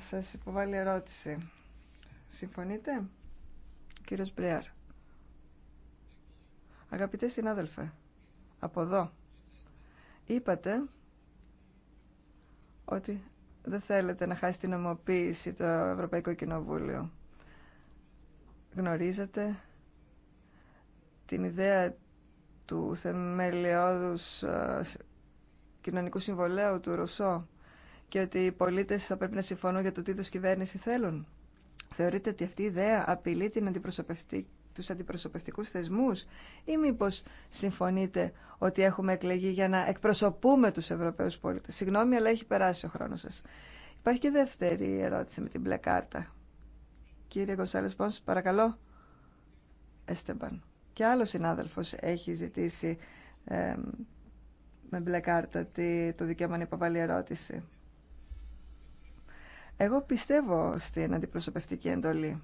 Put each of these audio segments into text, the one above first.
σας υποβάλει ερώτηση. Συμφωνείτε, κύριος Μπρέαρ. Αγαπητέ συνάδελφε, από εδώ, είπατε ότι δεν θέλετε να χάσει την νομοποίηση το Ευρωπαϊκό Κοινοβούλιο. Γνωρίζετε την ιδέα του θεμελιώδους ε, κοινωνικού συμβολέου του Ρωσό και ότι οι πολίτε θα πρέπει να συμφωνούν για το τι είδου κυβέρνηση θέλουν. Θεωρείτε ότι αυτή η ιδέα απειλεί την αντιπροσωπευτικού τους αντιπροσωπευτικούς θεσμούς ή μήπω συμφωνείτε ότι έχουμε εκλεγεί για να εκπροσωπούμε τους Ευρωπαίους πολίτες. Συγγνώμη, αλλά έχει περάσει ο χρόνος σας. Υπάρχει και δεύτερη ερώτηση με την μπλε κάρτα. Κύριε Γκοσάλες Πόνς, παρακαλώ. Έστεμπαν. Και άλλο συνάδελφο έχει ζητήσει ε, με μπλε κάρτα το δικαίωμα να υποβάλει ερώτηση. Εγώ πιστεύω στην αντιπροσωπευτική εντολή,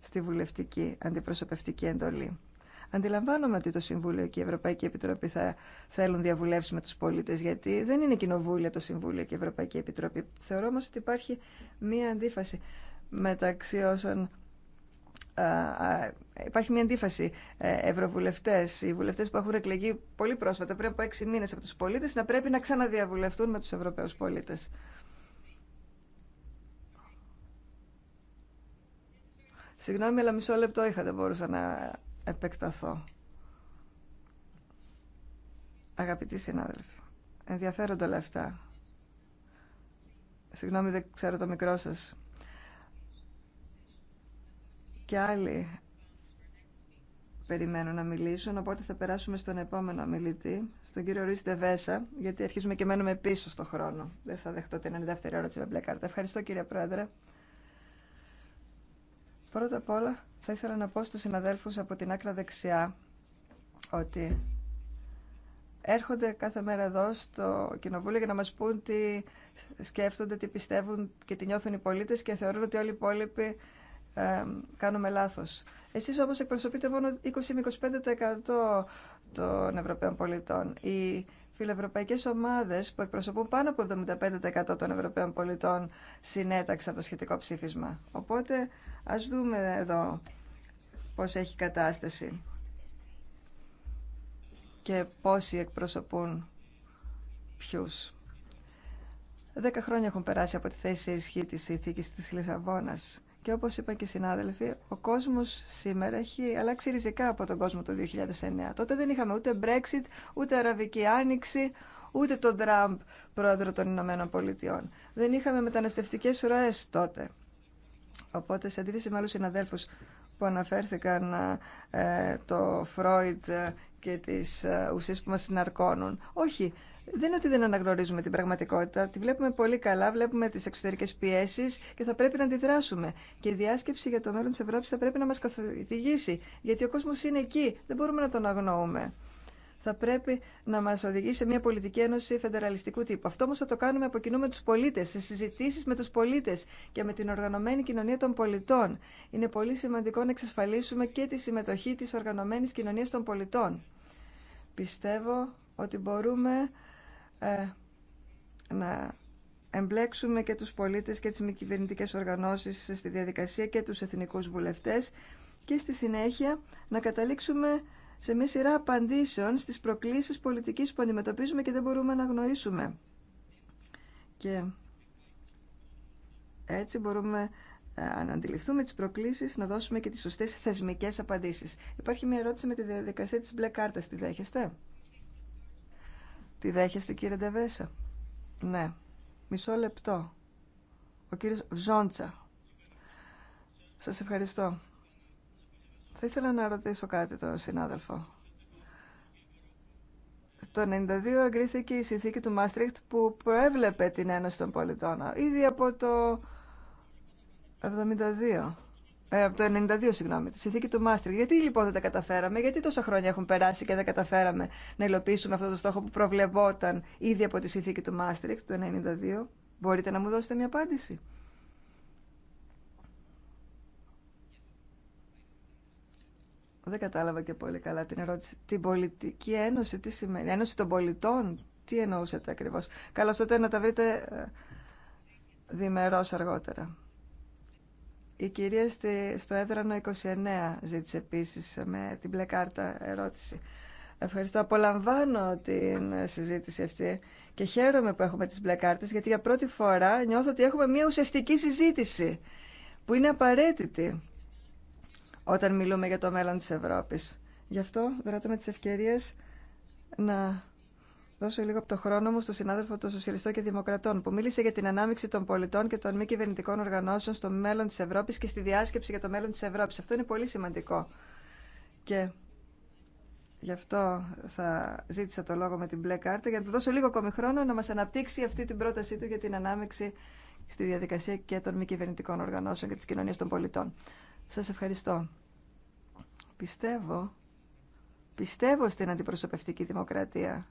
στη βουλευτική αντιπροσωπευτική εντολή. Αντιλαμβάνομαι ότι το Συμβούλιο και η Ευρωπαϊκή Επιτροπή θα θέλουν διαβουλεύσει με του πολίτε, γιατί δεν είναι κοινοβούλια το Συμβούλιο και η Ευρωπαϊκή Επιτροπή. Θεωρώ όμω ότι υπάρχει μία αντίφαση μεταξύ όσων. Υπάρχει μια αντίφαση. Ε, Ευρωβουλευτέ, οι βουλευτέ που έχουν εκλεγεί πολύ πρόσφατα, πριν από έξι μήνε από του πολίτε, να πρέπει να ξαναδιαβουλευτούν με του Ευρωπαίου πολίτε. Συγγνώμη, αλλά μισό λεπτό είχα, δεν μπορούσα να επεκταθώ. Αγαπητοί συνάδελφοι, ενδιαφέρονται όλα αυτά. Συγγνώμη, δεν ξέρω το μικρό σας. Και άλλοι περιμένουν να μιλήσουν, οπότε θα περάσουμε στον επόμενο μιλητή, στον κύριο Ρουίς Δεβέσα, γιατί αρχίζουμε και μένουμε πίσω στο χρόνο. Δεν θα δεχτώ την 92η ώρα της μπλε κάρτα. Ευχαριστώ κύριε Πρόεδρε. Πρώτα απ' όλα θα ήθελα να πω στους συναδέλφους από την άκρα δεξιά ότι έρχονται κάθε μέρα εδώ στο Κοινοβούλιο για να μας πούν τι σκέφτονται, τι πιστεύουν και τι νιώθουν οι πολίτες και θεωρούν ότι όλοι οι υπόλοιποι κάνουμε λάθος. Εσείς όμως εκπροσωπείτε μόνο 20-25% των Ευρωπαίων πολιτών. Οι φιλευρωπαϊκές ομάδες που εκπροσωπούν πάνω από 75% των Ευρωπαίων πολιτών συνέταξαν το σχετικό ψήφισμα. Οπότε Ας δούμε εδώ πώς έχει κατάσταση και πόσοι εκπροσωπούν ποιους. Δέκα χρόνια έχουν περάσει από τη θέση ισχύ της ηθίκης της Λισαβόνας και όπως είπαν και οι συνάδελφοι, ο κόσμος σήμερα έχει αλλάξει ριζικά από τον κόσμο το 2009. Τότε δεν είχαμε ούτε Brexit, ούτε Αραβική Άνοιξη, ούτε τον Τραμπ, πρόεδρο των Ηνωμένων Πολιτειών. Δεν είχαμε μεταναστευτικές ροές τότε. Οπότε, σε αντίθεση με άλλους συναδέλφους που αναφέρθηκαν ε, το Φρόιντ ε, και τις ε, ουσίες που μας συναρκώνουν. Όχι, δεν είναι ότι δεν αναγνωρίζουμε την πραγματικότητα, τη βλέπουμε πολύ καλά, βλέπουμε τις εξωτερικές πιέσεις και θα πρέπει να αντιδράσουμε. Και η διάσκεψη για το μέλλον της Ευρώπης θα πρέπει να μας καθοδηγήσει, γιατί ο κόσμος είναι εκεί, δεν μπορούμε να τον αγνοούμε θα πρέπει να μα οδηγήσει σε μια πολιτική ένωση φεντεραλιστικού τύπου. Αυτό όμω θα το κάνουμε από κοινού με τους πολίτες, σε συζητήσει με του πολίτε και με την οργανωμένη κοινωνία των πολιτών. Είναι πολύ σημαντικό να εξασφαλίσουμε και τη συμμετοχή τη Οργανωμένη κοινωνία των πολιτών. Πιστεύω ότι μπορούμε ε, να εμπλέξουμε και τους πολίτες και τις μη κυβερνητικέ οργανώσεις στη διαδικασία και τους εθνικούς βουλευτές και στη συνέχεια να καταλήξουμε σε μια σειρά απαντήσεων στις προκλήσεις πολιτικής που αντιμετωπίζουμε και δεν μπορούμε να γνωρίσουμε. Και έτσι μπορούμε ε, να αντιληφθούμε τις προκλήσεις, να δώσουμε και τις σωστές θεσμικές απαντήσεις. Υπάρχει μια ερώτηση με τη διαδικασία της μπλε κάρτας. Τη δέχεστε? Τη δέχεστε κύριε Ντεβέσα? Ναι. Μισό λεπτό. Ο κύριος Ζόντσα. Σας ευχαριστώ. Θα ήθελα να ρωτήσω κάτι τον συνάδελφο. Το 1992 εγκρίθηκε η συνθήκη του Μάστριχτ που προέβλεπε την Ένωση των Πολιτών. Ήδη από το 72. Ε, από το 92, συγγνώμη, τη συνθήκη του Μάστριχτ. Γιατί λοιπόν δεν τα καταφέραμε, γιατί τόσα χρόνια έχουν περάσει και δεν καταφέραμε να υλοποιήσουμε αυτό το στόχο που προβλεπόταν ήδη από τη συνθήκη του Μάστριχτ του 92. Μπορείτε να μου δώσετε μια απάντηση. Δεν κατάλαβα και πολύ καλά την ερώτηση. Την πολιτική ένωση, τι σημαίνει, ένωση των πολιτών, τι εννοούσατε ακριβώς. Καλώ τότε να τα βρείτε ε, διμερώς αργότερα. Η κυρία στο έδρανο 29 ζήτησε επίσης ε, με την μπλε κάρτα ερώτηση. Ευχαριστώ. Απολαμβάνω την ε, συζήτηση αυτή και χαίρομαι που έχουμε τις μπλε κάρτες γιατί για πρώτη φορά νιώθω ότι έχουμε μια ουσιαστική συζήτηση που είναι απαραίτητη όταν μιλούμε για το μέλλον της Ευρώπης. Γι' αυτό δράτω με τις ευκαιρίες να δώσω λίγο από το χρόνο μου στον συνάδελφο των Σοσιαλιστών και Δημοκρατών, που μίλησε για την ανάμειξη των πολιτών και των μη κυβερνητικών οργανώσεων στο μέλλον της Ευρώπης και στη διάσκεψη για το μέλλον της Ευρώπης. Αυτό είναι πολύ σημαντικό. Και γι' αυτό θα ζήτησα το λόγο με την μπλε κάρτα, για να του δώσω λίγο ακόμη χρόνο να μας αναπτύξει αυτή την πρότασή του για την ανάμειξη στη διαδικασία και των μη κυβερνητικών οργανώσεων και τη κοινωνία των πολιτών. Σας ευχαριστώ. Πιστεύω, πιστεύω στην αντιπροσωπευτική δημοκρατία,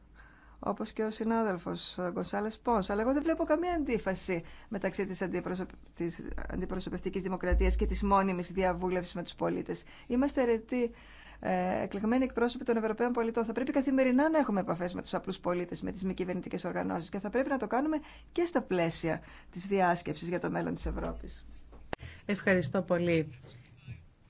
όπως και ο συνάδελφος Γκοσάλες Πόνς, αλλά εγώ δεν βλέπω καμία αντίφαση μεταξύ της, αντιπροσωπ... της αντιπροσωπευτικής δημοκρατίας και της μόνιμης διαβούλευσης με τους πολίτες. Είμαστε αιρετοί ε, εκλεγμένοι εκπρόσωποι των Ευρωπαίων πολιτών. Θα πρέπει καθημερινά να έχουμε επαφέ με του απλού πολίτε, με τι μη κυβερνητικέ οργανώσει και θα πρέπει να το κάνουμε και στα πλαίσια τη διάσκεψη για το μέλλον τη Ευρώπη. Ευχαριστώ πολύ.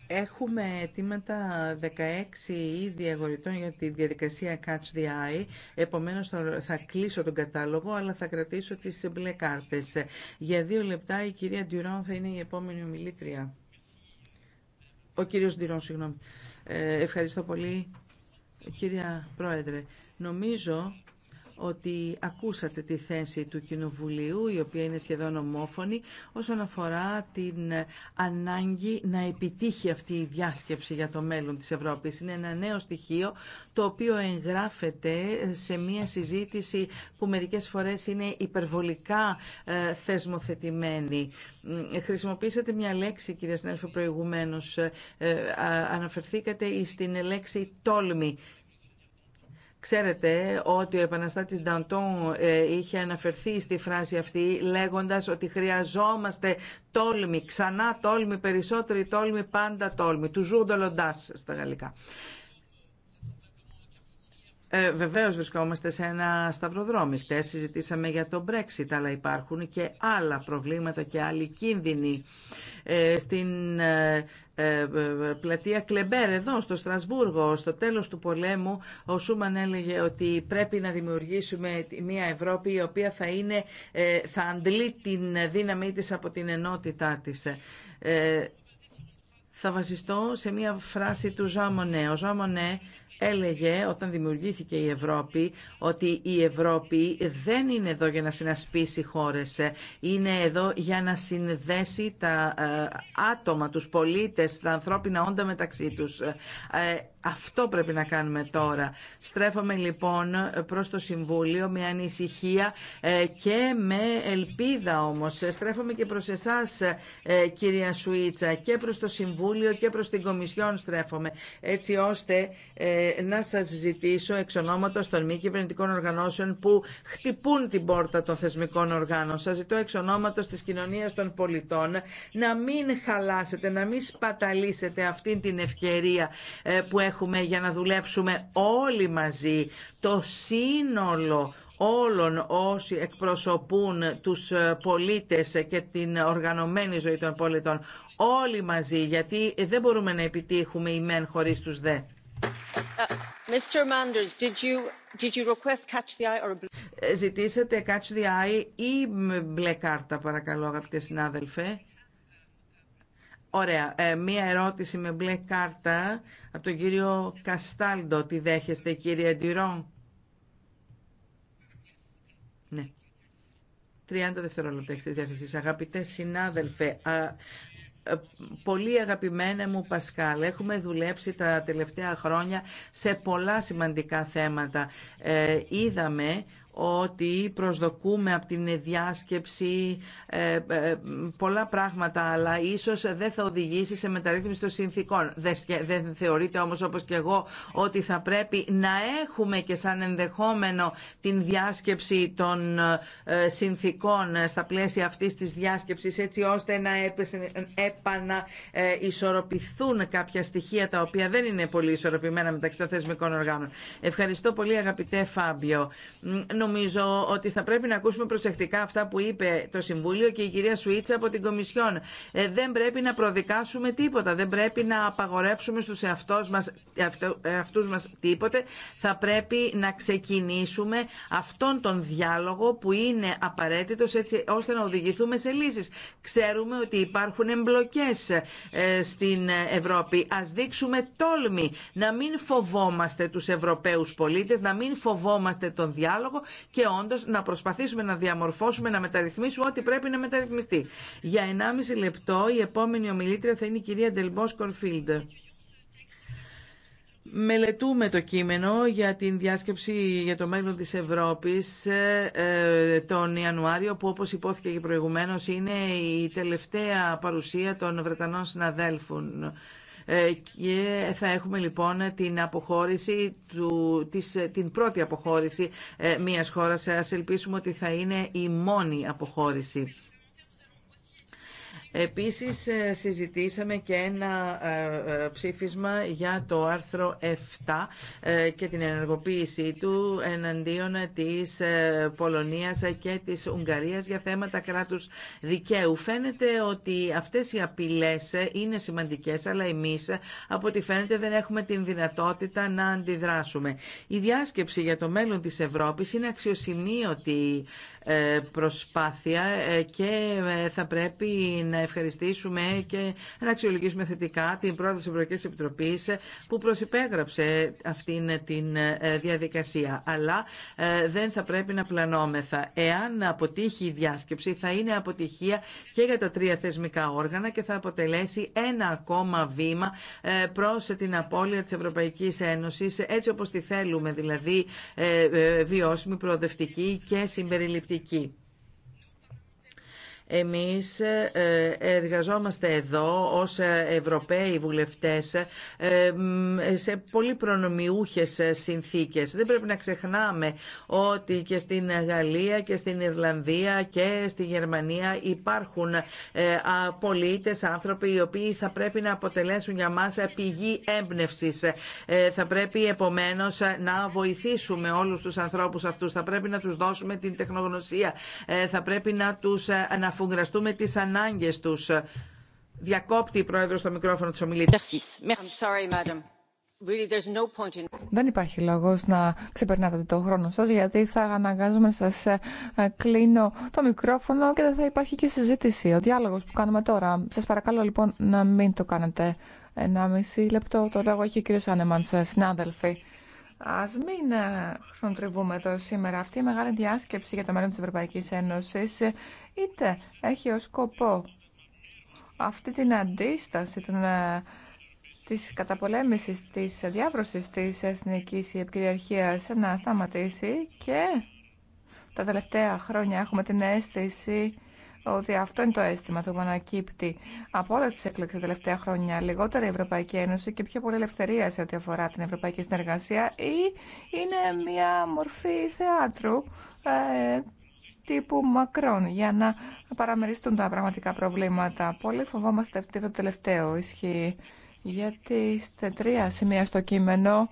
Έχουμε αιτήματα 16 ήδη αγορητών για τη διαδικασία Catch the Eye. Επομένω, θα κλείσω τον κατάλογο, αλλά θα κρατήσω τις μπλε κάρτε. Για δύο λεπτά η κυρία Ντυρόν θα είναι η επόμενη ομιλήτρια. Ο κύριος Ντυρόν, συγγνώμη. Ε, ευχαριστώ πολύ, κυρία Πρόεδρε. Νομίζω ότι ακούσατε τη θέση του Κοινοβουλίου, η οποία είναι σχεδόν ομόφωνη, όσον αφορά την ανάγκη να επιτύχει αυτή η διάσκεψη για το μέλλον της Ευρώπης. Είναι ένα νέο στοιχείο το οποίο εγγράφεται σε μια συζήτηση που μερικές φορές είναι υπερβολικά ε, θεσμοθετημένη. Ε, χρησιμοποίησατε μια λέξη, κυρία Συνέλφη, προηγουμένως. Ε, αναφερθήκατε στην λέξη τόλμη Ξέρετε ότι ο επαναστάτης Νταντών ε, είχε αναφερθεί στη φράση αυτή λέγοντας ότι χρειαζόμαστε τόλμη, ξανά τόλμη, περισσότερη τόλμη, πάντα τόλμη. Του λοντάς στα γαλλικά. Ε, βεβαίως βρισκόμαστε σε ένα σταυροδρόμι. Χτες συζητήσαμε για το Brexit, αλλά υπάρχουν και άλλα προβλήματα και άλλοι κίνδυνοι. Ε, στην ε, ε, πλατεία Κλεμπέρ εδώ στο Στρασβούργο στο τέλος του πολέμου ο Σούμαν έλεγε ότι πρέπει να δημιουργήσουμε μια Ευρώπη η οποία θα, είναι, θα αντλεί την δύναμή της από την ενότητά της θα βασιστώ σε μια φράση του Ζαμονέ. Ο Ζαμονέ έλεγε όταν δημιουργήθηκε η Ευρώπη ότι η Ευρώπη δεν είναι εδώ για να συνασπίσει χώρες, ε, είναι εδώ για να συνδέσει τα ε, άτομα, τους πολίτες, τα ανθρώπινα όντα μεταξύ τους. Ε, αυτό πρέπει να κάνουμε τώρα. Στρέφομαι λοιπόν προς το Συμβούλιο με ανησυχία ε, και με ελπίδα όμως. Στρέφομαι και προς εσάς ε, κυρία Σουίτσα και προς το Συμβούλιο και προς την Κομισιόν στρέφομαι έτσι ώστε ε, να σας ζητήσω εξ ονόματος των μη κυβερνητικών οργανώσεων που χτυπούν την πόρτα των θεσμικών οργάνων. Σας ζητώ εξ ονόματος της κοινωνίας των πολιτών να μην χαλάσετε, να μην σπαταλίσετε αυτή την ευκαιρία που έχουμε για να δουλέψουμε όλοι μαζί, το σύνολο όλων όσοι εκπροσωπούν τους ε, πολίτες και την οργανωμένη ζωή των πολιτών. Όλοι μαζί, γιατί δεν μπορούμε να επιτύχουμε οι μεν χωρίς τους δε. Ζητήσατε catch the eye ή μπλε κάρτα, παρακαλώ, αγαπητέ συνάδελφε. Ωραία. Ε, μία ερώτηση με μπλε κάρτα από τον κύριο Καστάλντο. Τι δέχεστε κύριε Ντυρό. Ναι. 30 δευτερόλεπτα έχετε διάθεση. Αγαπητές συνάδελφε, α, ε, πολύ αγαπημένα μου Πασκάλ, έχουμε δουλέψει τα τελευταία χρόνια σε πολλά σημαντικά θέματα. Ε, είδαμε ότι προσδοκούμε από την διάσκεψη ε, ε, πολλά πράγματα, αλλά ίσως δεν θα οδηγήσει σε μεταρρύθμιση των συνθήκων. Δεν θεωρείται όμως όπως και εγώ ότι θα πρέπει να έχουμε και σαν ενδεχόμενο την διάσκεψη των ε, συνθήκων στα πλαίσια αυτής της διάσκεψης έτσι ώστε να επαναισορροπηθούν κάποια στοιχεία τα οποία δεν είναι πολύ ισορροπημένα μεταξύ των θεσμικών οργάνων. Ευχαριστώ πολύ αγαπητέ Φάμπιο νομίζω ότι θα πρέπει να ακούσουμε προσεκτικά αυτά που είπε το Συμβούλιο και η κυρία Σουίτσα από την Κομισιόν. Ε, δεν πρέπει να προδικάσουμε τίποτα, δεν πρέπει να απαγορεύσουμε στους εαυτούς μας, αυτούς μας τίποτε. Θα πρέπει να ξεκινήσουμε αυτόν τον διάλογο που είναι απαραίτητος έτσι ώστε να οδηγηθούμε σε λύσεις. Ξέρουμε ότι υπάρχουν εμπλοκές ε, στην Ευρώπη. Ας δείξουμε τόλμη να μην φοβόμαστε τους Ευρωπαίους πολίτες, να μην φοβόμαστε τον διάλογο και όντω να προσπαθήσουμε να διαμορφώσουμε, να μεταρρυθμίσουμε ό,τι πρέπει να μεταρρυθμιστεί. Για 1,5 λεπτό η επόμενη ομιλήτρια θα είναι η κυρία Ντελμπό Σκορφίλντ. Μελετούμε το κείμενο για την διάσκεψη για το μέλλον της Ευρώπης ε, τον Ιανουάριο που όπως υπόθηκε και προηγουμένως είναι η τελευταία παρουσία των Βρετανών συναδέλφων. Ε, και θα έχουμε λοιπόν την αποχώρηση, του, της, την πρώτη αποχώρηση ε, μιας χώρας. Ας ελπίσουμε ότι θα είναι η μόνη αποχώρηση. Επίσης ε, συζητήσαμε και ένα ε, ε, ψήφισμα για το άρθρο 7 και την ενεργοποίησή του εναντίον της Πολωνίας και της Ουγγαρίας για θέματα κράτους δικαίου. Φαίνεται ότι αυτές οι απειλές είναι σημαντικές, αλλά εμείς από ό,τι φαίνεται δεν έχουμε την δυνατότητα να αντιδράσουμε. Η διάσκεψη για το μέλλον της Ευρώπης είναι αξιοσημείωτη προσπάθεια και θα πρέπει να ευχαριστήσουμε και να αξιολογήσουμε θετικά την πρόεδρο τη Ευρωπαϊκή Επιτροπή ε, που προσυπέγραψε αυτήν ε, την ε, διαδικασία. Αλλά δεν θα πρέπει να πλανόμεθα. Εάν αποτύχει η διάσκεψη θα είναι αποτυχία και για τα τρία θεσμικά όργανα και θα αποτελέσει ένα ακόμα βήμα προς την απώλεια τη Ευρωπαϊκή Ένωση, έτσι όπω τη θέλουμε, δηλαδή βιώσιμη, προοδευτική και συμπεριληπτική. Εμείς ε, εργαζόμαστε εδώ ως ε, Ευρωπαίοι βουλευτές ε, σε πολύ προνομιούχες συνθήκες. Δεν πρέπει να ξεχνάμε ότι και στην Γαλλία και στην Ιρλανδία και στη Γερμανία υπάρχουν πολίτες, άνθρωποι οι οποίοι θα πρέπει να αποτελέσουν για μας πηγή έμπνευση. Θα πρέπει επομένως να βοηθήσουμε όλους τους ανθρώπους αυτούς. Θα πρέπει να τους δώσουμε την τεχνογνωσία. Θα πρέπει να τους γραστούμε τις ανάγκες τους. Διακόπτει η Πρόεδρος στο μικρόφωνο της ομιλήτρια. Δεν υπάρχει λόγο να ξεπερνάτε το χρόνο σα, γιατί θα αναγκάζομαι να σα ε, ε, κλείνω το μικρόφωνο και δεν θα υπάρχει και συζήτηση. Ο διάλογο που κάνουμε τώρα. Σα παρακαλώ λοιπόν να μην το κάνετε. Ένα μισή λεπτό το λόγο έχει ο κύριο Άνεμαν, συνάδελφοι. Ας μην ε, χρονοτριβούμε εδώ σήμερα. Αυτή η μεγάλη διάσκεψη για το μέλλον της Ευρωπαϊκής Ένωσης ε, είτε έχει ως σκοπό αυτή την αντίσταση των, ε, της καταπολέμησης της διάβρωσης της εθνικής επικυριαρχίας να σταματήσει και τα τελευταία χρόνια έχουμε την αίσθηση ότι αυτό είναι το αίσθημα το που ανακύπτει από όλε τι εκλογέ τα τελευταία χρόνια. Λιγότερη Ευρωπαϊκή Ένωση και πιο πολύ ελευθερία σε ό,τι αφορά την ευρωπαϊκή συνεργασία ή είναι μια μορφή θεάτρου ε, τύπου Μακρόν για να παραμεριστούν τα πραγματικά προβλήματα. Πολύ φοβόμαστε αυτό το τελευταίο ισχύει γιατί στα τρία σημεία στο κείμενο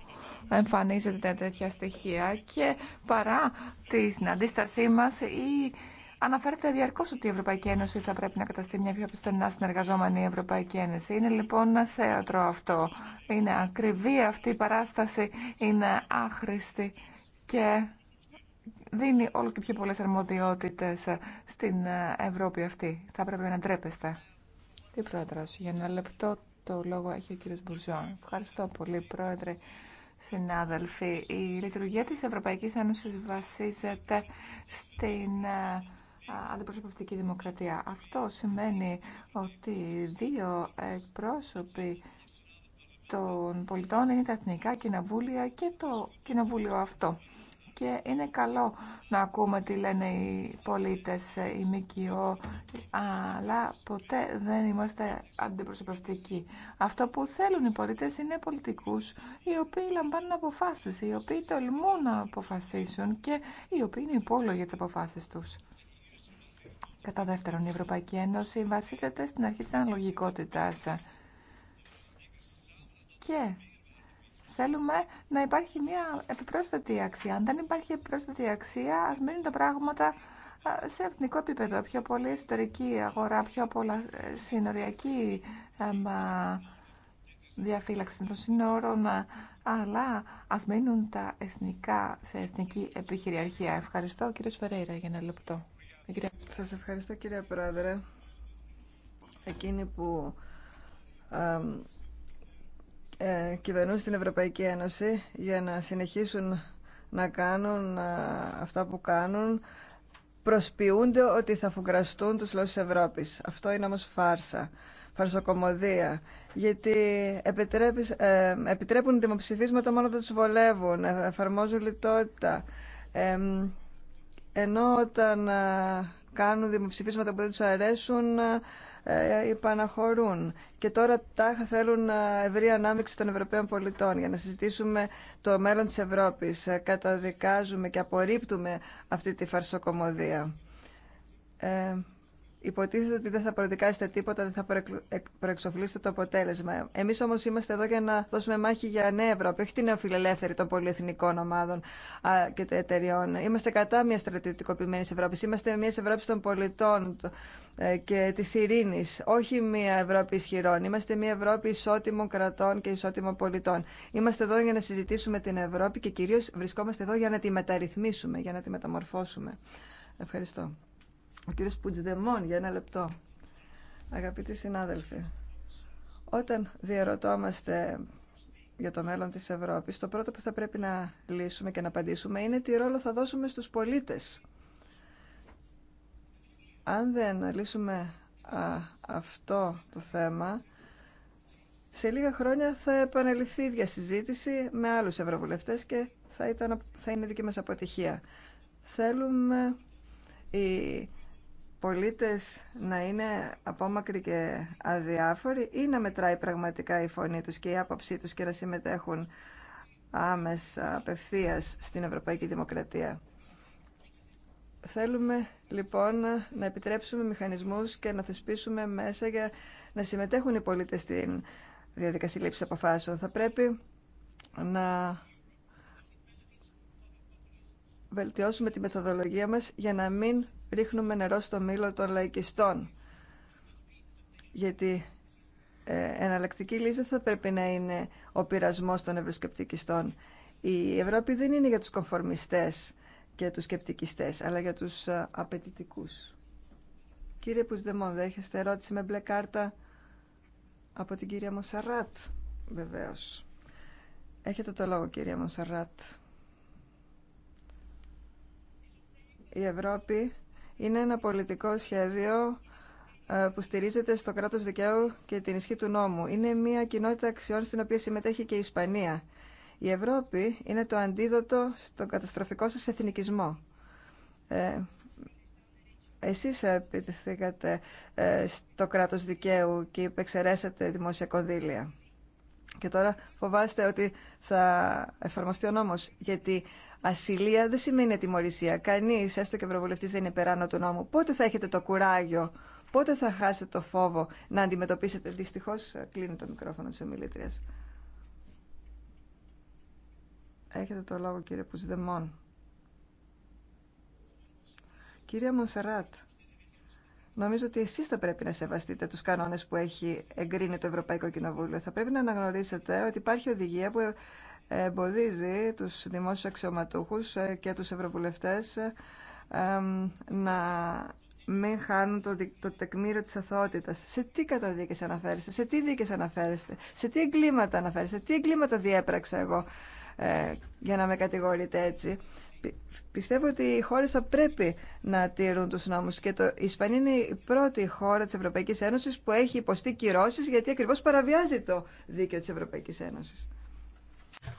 εμφανίζεται τέτοια στοιχεία και παρά την αντίστασή μας η Αναφέρεται διαρκώ ότι η Ευρωπαϊκή Ένωση θα πρέπει να καταστεί μια πιο στενά συνεργαζόμενη Ευρωπαϊκή Ένωση. Είναι λοιπόν ένα θέατρο αυτό. Είναι ακριβή αυτή η παράσταση, είναι άχρηστη και δίνει όλο και πιο πολλέ αρμοδιότητε στην Ευρώπη αυτή. Θα πρέπει να ντρέπεστε. Τι πρόεδρο, για ένα λεπτό το λόγο έχει ο κύριο Μπουρζόν. Ευχαριστώ πολύ, πρόεδρε. Συνάδελφοι, η λειτουργία της Ευρωπαϊκής Ένωσης βασίζεται στην ε, αντιπροσωπευτική δημοκρατία. Αυτό σημαίνει ότι δύο εκπρόσωποι των πολιτών είναι τα εθνικά κοινοβούλια και το κοινοβούλιο αυτό. Και είναι καλό να ακούμε τι λένε οι πολίτες, οι ΜΚΟ, αλλά ποτέ δεν είμαστε αντιπροσωπευτικοί. Αυτό που θέλουν οι πολίτες είναι πολιτικούς, οι οποίοι λαμβάνουν αποφάσεις, οι οποίοι τολμούν να αποφασίσουν και οι οποίοι είναι υπόλογοι για τις αποφάσεις τους. Κατά δεύτερον, η Ευρωπαϊκή Ένωση βασίζεται στην αρχή της αναλογικότητας και θέλουμε να υπάρχει μια επιπρόσθετη αξία. Αν δεν υπάρχει επιπρόσθετη αξία, ας μείνουν τα πράγματα σε εθνικό επίπεδο. Πιο πολύ ιστορική αγορά, πιο πολλά ε, συνοριακή διαφύλαξη των συνόρων, αλλά ας μείνουν τα εθνικά σε εθνική επιχειριαρχία. Ευχαριστώ, κύριε Φερέιρα, για ένα λεπτό. Σας ευχαριστώ κύριε Πρόεδρε. Εκείνοι που ε, κυβερνούν στην Ευρωπαϊκή Ένωση για να συνεχίσουν να κάνουν αυτά που κάνουν προσποιούνται ότι θα φουγκραστούν τους λόγους της Ευρώπης. Αυτό είναι όμως φάρσα, φαρσοκομωδία, γιατί ε, επιτρέπουν δημοψηφίσματα μόνο όταν τους βολεύουν, εφαρμόζουν λιτότητα, ενώ όταν ε, κάνουν δημοψηφίσματα που δεν τους αρέσουν ε, ε, υπαναχωρούν. Και τώρα τάχα θέλουν ευρύ ανάμειξη των Ευρωπαίων πολιτών για να συζητήσουμε το μέλλον της Ευρώπης. Καταδικάζουμε και απορρίπτουμε αυτή τη φαρσοκομωδία. Υποτίθεται ότι δεν θα προδικάσετε τίποτα, δεν θα προεξοφλήσετε το αποτέλεσμα. Εμεί όμω είμαστε εδώ για να δώσουμε μάχη για νέα Ευρώπη, όχι την νεοφιλελεύθερη των πολυεθνικών ομάδων και εταιριών. Είμαστε κατά μια στρατιωτικοποιημένη Ευρώπη. Είμαστε μια Ευρώπη των πολιτών ε, και τη ειρήνη, όχι μια Ευρώπη ισχυρών. Είμαστε μια Ευρώπη ισότιμων κρατών και ισότιμων πολιτών. Είμαστε εδώ για να συζητήσουμε την Ευρώπη και κυρίω βρισκόμαστε εδώ για να τη μεταρρυθμίσουμε, για να τη μεταμορφώσουμε. Ευχαριστώ. Ο κύριος Πουτζδεμόν για ένα λεπτό. Αγαπητοί συνάδελφοι, όταν διαρωτόμαστε για το μέλλον της Ευρώπης, το πρώτο που θα πρέπει να λύσουμε και να απαντήσουμε είναι τι ρόλο θα δώσουμε στους πολίτες. Αν δεν λύσουμε αυτό το θέμα, σε λίγα χρόνια θα επαναληφθεί η ίδια συζήτηση με άλλους ευρωβουλευτές και θα, ήταν, θα είναι δική μας αποτυχία. Θέλουμε η πολίτες να είναι απόμακροι και αδιάφοροι ή να μετράει πραγματικά η φωνή τους και η άποψή τους και να συμμετέχουν άμεσα, απευθεία στην Ευρωπαϊκή Δημοκρατία. Θέλουμε λοιπόν να επιτρέψουμε μηχανισμούς και να θεσπίσουμε μέσα για να συμμετέχουν οι πολίτες στην διαδικασία λήψης αποφάσεων. Θα πρέπει να βελτιώσουμε τη μεθοδολογία μας για να μην ρίχνουμε νερό στο μήλο των λαϊκιστών. Γιατί ε, εναλλακτική λύση δεν θα πρέπει να είναι ο πειρασμό των ευρωσκεπτικιστών. Η Ευρώπη δεν είναι για τους κομφορμιστές και τους σκεπτικιστές, αλλά για τους ε, απαιτητικού. Κύριε Πουσδεμόν, δέχεστε ερώτηση με μπλε κάρτα από την κυρία Μοσαράτ, βεβαίως. Έχετε το λόγο, κυρία Μοσαράτ. Η Ευρώπη είναι ένα πολιτικό σχέδιο ε, που στηρίζεται στο κράτος δικαίου και την ισχύ του νόμου. Είναι μια κοινότητα αξιών στην οποία συμμετέχει και η Ισπανία. Η Ευρώπη είναι το αντίδοτο στον καταστροφικό σας εθνικισμό. Ε, εσείς επιτεθήκατε ε, στο κράτος δικαίου και υπεξαιρέσατε δημόσια κονδύλια. Και τώρα φοβάστε ότι θα εφαρμοστεί ο νόμος, γιατί ασυλία δεν σημαίνει ατιμορρησία. Κανεί, έστω και ευρωβουλευτή, δεν είναι περάνω του νόμου. Πότε θα έχετε το κουράγιο, πότε θα χάσετε το φόβο να αντιμετωπίσετε. Δυστυχώ κλείνει το μικρόφωνο τη ομιλήτρια. Έχετε το λόγο, κύριε Πουσδεμόν. Κυρία Μονσεράτ, νομίζω ότι εσεί θα πρέπει να σεβαστείτε του κανόνε που έχει εγκρίνει το Ευρωπαϊκό Κοινοβούλιο. Θα πρέπει να αναγνωρίσετε ότι υπάρχει οδηγία που εμποδίζει τους δημόσιους αξιωματούχους ε, και τους ευρωβουλευτές ε, να μην χάνουν το, το τεκμήριο της αθωότητας. Σε τι καταδίκες αναφέρεστε, σε τι δίκες αναφέρεστε, σε τι εγκλήματα αναφέρεστε, τι εγκλήματα διέπραξα εγώ ε, για να με κατηγορείτε έτσι. Πιστεύω ότι οι χώρες θα πρέπει να τηρούν τους νόμους και το, η Ισπανία είναι η πρώτη χώρα της Ευρωπαϊκής Ένωσης που έχει υποστεί κυρώσεις γιατί ακριβώς παραβιάζει το δίκαιο της Ευρωπαϊκής Ένωσης.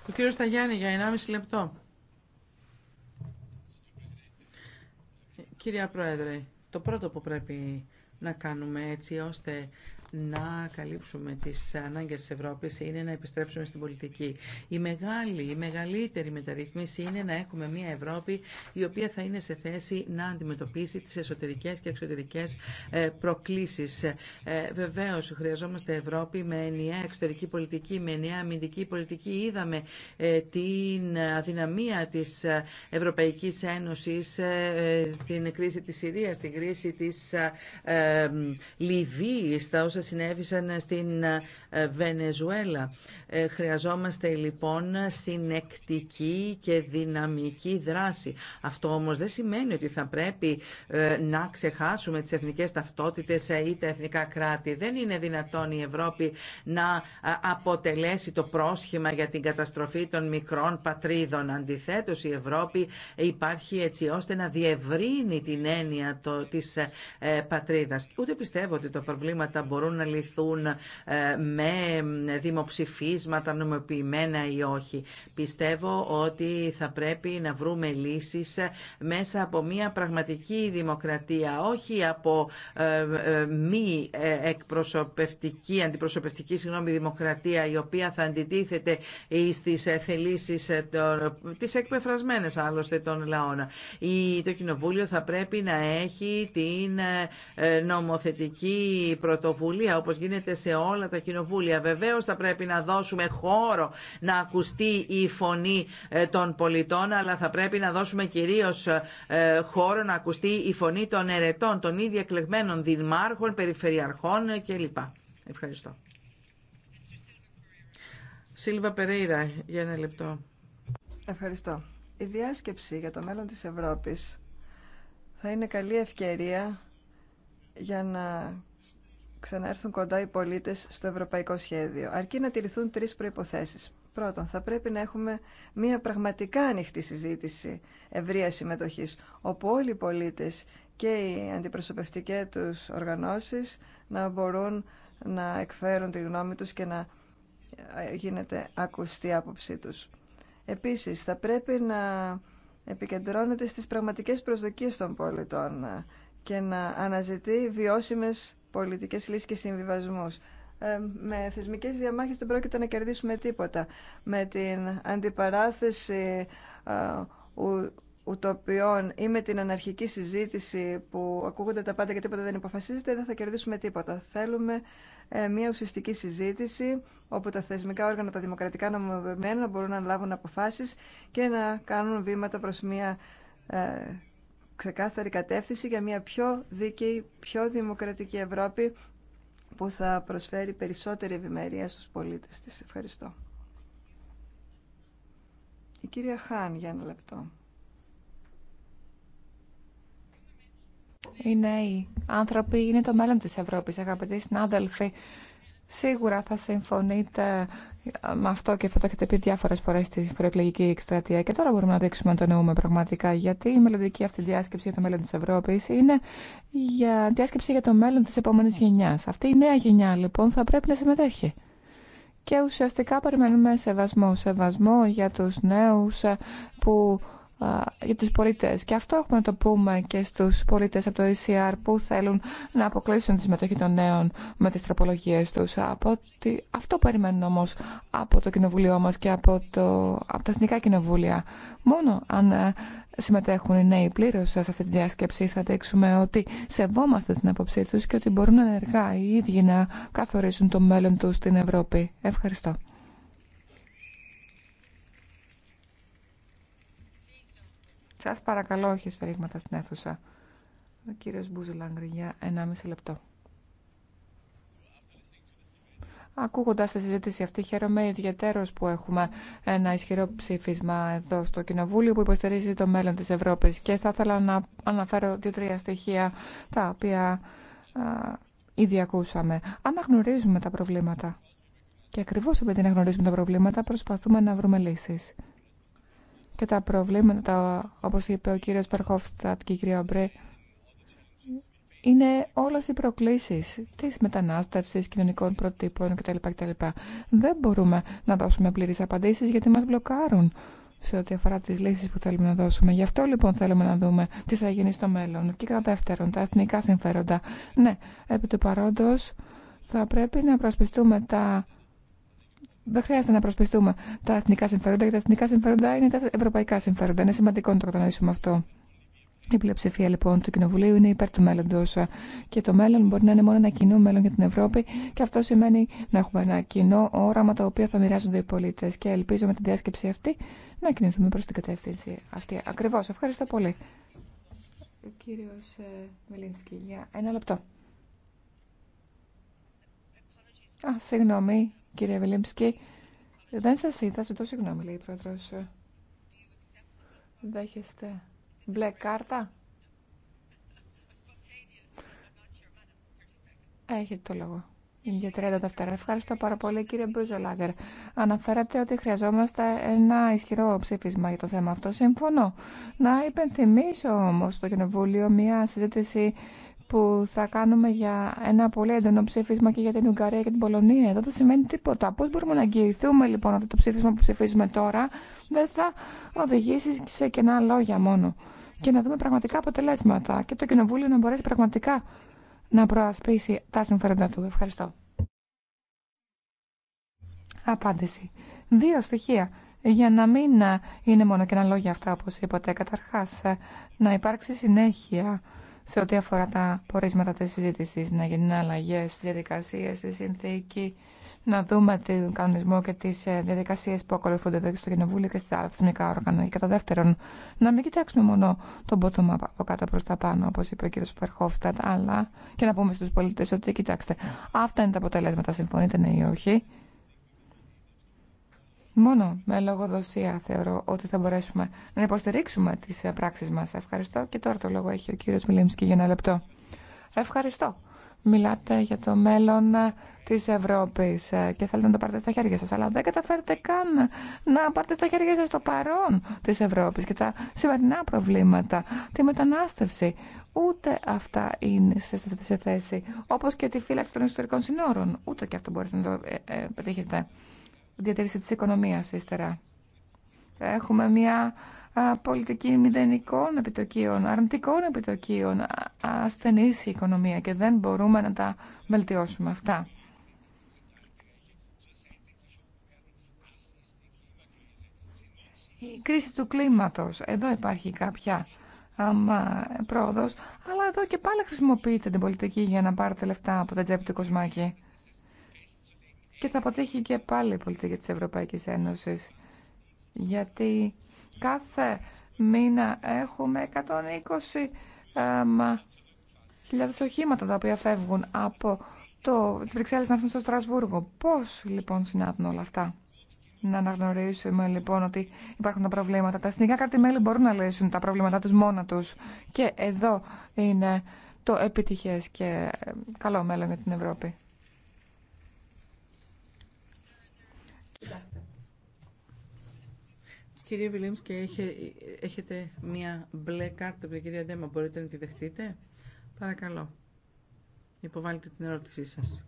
Ο κύριος Σταγιάννη για 1,5 λεπτό. Κυρία Πρόεδρε, το πρώτο που πρέπει να κάνουμε έτσι ώστε να καλύψουμε τις ανάγκες της Ευρώπης είναι να επιστρέψουμε στην πολιτική. Η μεγάλη, η μεγαλύτερη μεταρρύθμιση είναι να έχουμε μια Ευρώπη η οποία θα είναι σε θέση να αντιμετωπίσει τις εσωτερικές και εξωτερικές ε, προκλήσεις. Ε, βεβαίως χρειαζόμαστε Ευρώπη με ενιαία εξωτερική πολιτική, με ενιαία αμυντική πολιτική. Είδαμε ε, την αδυναμία της Ευρωπαϊκής Ένωσης στην κρίση της Συρίας, στην κρίση της Λιβύης, όσα συνέβησαν στην ε, Βενεζουέλα. Ε, χρειαζόμαστε λοιπόν συνεκτική και δυναμική δράση. Αυτό όμως δεν σημαίνει ότι θα πρέπει ε, να ξεχάσουμε τις εθνικές ταυτότητες ή τα εθνικά κράτη. Δεν είναι δυνατόν η Ευρώπη να ε, αποτελέσει το πρόσχημα για την καταστροφή των μικρών πατρίδων. Αντιθέτως η Ευρώπη υπάρχει έτσι ώστε να διευρύνει την έννοια της πατρίδας. Ούτε πιστεύω ότι τα προβλήματα μπορούν να λυθούν με δημοψηφίες ψηφίσματα νομιμοποιημένα ή όχι. Πιστεύω ότι θα πρέπει να βρούμε λύσεις μέσα από μια πραγματική δημοκρατία, όχι από ε, ε, μη ε, εκπροσωπευτική, αντιπροσωπευτική συγγνώμη, δημοκρατία η οποία θα αντιτίθεται στις θελήσεις τις εκπεφρασμένες άλλωστε των λαών. Το Κοινοβούλιο θα πρέπει να έχει την νομοθετική πρωτοβουλία όπως γίνεται σε όλα τα κοινοβούλια. Βεβαίως θα πρέπει να δώσουμε δώσουμε χώρο να ακουστεί η φωνή ε, των πολιτών, αλλά θα πρέπει να δώσουμε κυρίως ε, ε, χώρο να ακουστεί η φωνή των ερετών, των ήδη εκλεγμένων δημάρχων, περιφερειαρχών κλπ. Ευχαριστώ. Σίλβα Περέιρα, για ένα λεπτό. Ευχαριστώ. Η διάσκεψη για το μέλλον της Ευρώπης θα είναι καλή ευκαιρία για να ξαναέρθουν κοντά οι πολίτες στο ευρωπαϊκό σχέδιο, αρκεί να τηρηθούν τρεις προϋποθέσεις. Πρώτον, θα πρέπει να έχουμε μια πραγματικά ανοιχτή συζήτηση ευρεία συμμετοχή, όπου όλοι οι πολίτες και οι αντιπροσωπευτικέ του οργανώσεις να μπορούν να εκφέρουν τη γνώμη τους και να ε, γίνεται ακουστή άποψή τους. Επίσης, θα πρέπει να επικεντρώνεται στις πραγματικές προσδοκίες των πολιτών και να αναζητεί βιώσιμες πολιτικές λύσεις και συμβιβασμούς. Ε, με θεσμικές διαμάχες δεν πρόκειται να κερδίσουμε τίποτα. Με την αντιπαράθεση ε, ουτοπιών ή με την αναρχική συζήτηση που ακούγονται τα πάντα και τίποτα δεν υποφασίζεται, δεν θα κερδίσουμε τίποτα. Θέλουμε ε, μια ουσιαστική συζήτηση όπου τα θεσμικά όργανα, τα δημοκρατικά νομοποιημένα, μπορούν να λάβουν αποφάσεις και να κάνουν βήματα προς μια ε, ξεκάθαρη κατεύθυνση για μια πιο δίκαιη, πιο δημοκρατική Ευρώπη που θα προσφέρει περισσότερη ευημερία στους πολίτες της. Ευχαριστώ. Η κυρία Χάν για ένα λεπτό. Οι νέοι άνθρωποι είναι το μέλλον της Ευρώπης, αγαπητοί συνάδελφοι. Σίγουρα θα συμφωνείτε με αυτό και θα το έχετε πει διάφορε φορέ στη προεκλογική εκστρατεία. Και τώρα μπορούμε να δείξουμε αν το εννοούμε πραγματικά. Γιατί η μελλοντική αυτή διάσκεψη για το μέλλον τη Ευρώπη είναι για διάσκεψη για το μέλλον τη επόμενη γενιά. Αυτή η νέα γενιά λοιπόν θα πρέπει να συμμετέχει. Και ουσιαστικά περιμένουμε σεβασμό. Σεβασμό για του νέου που για τους πολίτες. Και αυτό έχουμε να το πούμε και στους πολίτες από το ECR που θέλουν να αποκλείσουν τη συμμετοχή των νέων με τις τροπολογίες τους. Από Αυτό περιμένουν όμως από το κοινοβουλίο μας και από, το... από τα εθνικά κοινοβούλια. Μόνο αν ε, συμμετέχουν οι νέοι πλήρω σε αυτή τη διάσκεψη θα δείξουμε ότι σεβόμαστε την άποψή τους και ότι μπορούν ενεργά οι ίδιοι να καθορίσουν το μέλλον τους στην Ευρώπη. Ευχαριστώ. Σα παρακαλώ, όχι σφαιρίγματα στην αίθουσα. Ο κύριο Μπούζελαγκρ για 1,5 λεπτό. Ακούγοντα τη συζήτηση αυτή, χαίρομαι ιδιαίτερω που έχουμε ένα ισχυρό ψήφισμα εδώ στο Κοινοβούλιο που υποστηρίζει το μέλλον τη Ευρώπη. Και θα ήθελα να αναφέρω δύο-τρία στοιχεία τα οποία α, ήδη ακούσαμε. Αναγνωρίζουμε τα προβλήματα. Και ακριβώ επειδή αναγνωρίζουμε τα προβλήματα, προσπαθούμε να βρούμε λύσει και τα προβλήματα, όπως είπε ο κύριος Φερχόφστατ και η κυρία Ομπρέ, είναι όλες οι προκλήσεις της μετανάστευσης, κοινωνικών προτύπων κτλ. κτλ. Δεν μπορούμε να δώσουμε πλήρες απαντήσεις γιατί μας μπλοκάρουν σε ό,τι αφορά τις λύσεις που θέλουμε να δώσουμε. Γι' αυτό λοιπόν θέλουμε να δούμε τι θα γίνει στο μέλλον. Και κατά δεύτερον, τα εθνικά συμφέροντα. Ναι, επί του παρόντος θα πρέπει να προσπιστούμε τα δεν χρειάζεται να προσπιστούμε τα εθνικά συμφέροντα, γιατί τα εθνικά συμφέροντα είναι τα ευρωπαϊκά συμφέροντα. Είναι σημαντικό να το κατανοήσουμε αυτό. Η πλειοψηφία λοιπόν του Κοινοβουλίου είναι υπέρ του μέλλοντο και το μέλλον μπορεί να είναι μόνο ένα κοινό μέλλον για την Ευρώπη και αυτό σημαίνει να έχουμε ένα κοινό όραμα το οποίο θα μοιράζονται οι πολίτε. Και ελπίζω με την διάσκεψη αυτή να κινηθούμε προ την κατεύθυνση αυτή. Ακριβώ. Ευχαριστώ πολύ. Ο κύριο ε, για ένα λεπτό. Α, συγγνώμη. Κύριε Βελίμψκη. δεν σα είδα, ζητώ συγγνώμη, λέει η πρόεδρο. Δέχεστε μπλε κάρτα. Έχετε το λόγο. Είναι για 30 δευτερά. Ευχαριστώ πάρα πολύ, κύριε Μπουζολάγκερ. Αναφέρατε ότι χρειαζόμαστε ένα ισχυρό ψήφισμα για το θέμα αυτό. Συμφωνώ. Να υπενθυμίσω όμω στο Κοινοβούλιο μια συζήτηση που θα κάνουμε για ένα πολύ έντονο ψήφισμα και για την Ουγγαρία και την Πολωνία. Εδώ δεν σημαίνει τίποτα. Πώς μπορούμε να αγγιηθούμε λοιπόν ότι το ψήφισμα που ψηφίζουμε τώρα δεν θα οδηγήσει σε κενά λόγια μόνο. Και να δούμε πραγματικά αποτελέσματα και το Κοινοβούλιο να μπορέσει πραγματικά να προασπίσει τα συμφέροντα του. Ευχαριστώ. Απάντηση. Δύο στοιχεία για να μην είναι μόνο και ένα λόγια αυτά όπως είπατε. Καταρχάς, να υπάρξει συνέχεια σε ό,τι αφορά τα πορίσματα της συζήτηση, να γίνουν αλλαγέ στη διαδικασία, στη συνθήκη, να δούμε τον κανονισμό και τι ε, διαδικασίε που ακολουθούνται εδώ και στο Κοινοβούλιο και στα άλλα θεσμικά όργανα. Και κατά δεύτερον, να μην κοιτάξουμε μόνο τον bottom από κάτω προ τα πάνω, όπω είπε ο κ. Φερχόφστατ, αλλά και να πούμε στου πολιτέ ότι κοιτάξτε, αυτά είναι τα αποτελέσματα, συμφωνείτε ναι ή όχι. Μόνο με λογοδοσία θεωρώ ότι θα μπορέσουμε να υποστηρίξουμε τι πράξει μα. Ευχαριστώ και τώρα το λόγο έχει ο κύριος Μιλίμσκι για ένα λεπτό. Ευχαριστώ. Μιλάτε για το μέλλον τη Ευρώπη και θέλετε να το πάρετε στα χέρια σα. αλλά δεν καταφέρετε καν να πάρετε στα χέρια σα το παρόν τη Ευρώπη και τα σημερινά προβλήματα, τη μετανάστευση. Ούτε αυτά είναι σε θέση, Όπω και τη φύλαξη των ιστορικών συνόρων. Ούτε και αυτό μπορείτε να το ε, ε, πετύχετε διατήρηση της οικονομίας ύστερα. Έχουμε μια πολιτική μηδενικών επιτοκίων, αρνητικών επιτοκίων, ασθενής η οικονομία και δεν μπορούμε να τα βελτιώσουμε αυτά. Η κρίση του κλίματος, εδώ υπάρχει κάποια άμα, πρόοδος, αλλά εδώ και πάλι χρησιμοποιείται την πολιτική για να πάρετε λεφτά από τα τσέπη του κοσμάκη και θα αποτύχει και πάλι η πολιτική της Ευρωπαϊκής Ένωσης. Γιατί κάθε μήνα έχουμε 120 χιλιάδες οχήματα τα οποία φεύγουν από το τις Βρυξέλλες να έρθουν στο Στρασβούργο. Πώς λοιπόν συνάδουν όλα αυτά. Να αναγνωρίσουμε λοιπόν ότι υπάρχουν τα προβλήματα. Τα εθνικά μπορούν να λύσουν τα προβλήματά τους μόνα τους. Και εδώ είναι το επιτυχές και ε, καλό μέλλον για την Ευρώπη. Κύριε Βιλίμς, έχετε, μία μπλε κάρτα από την κυρία Ντέμα. Μπορείτε να τη δεχτείτε. Παρακαλώ. Υποβάλλετε την ερώτησή σας.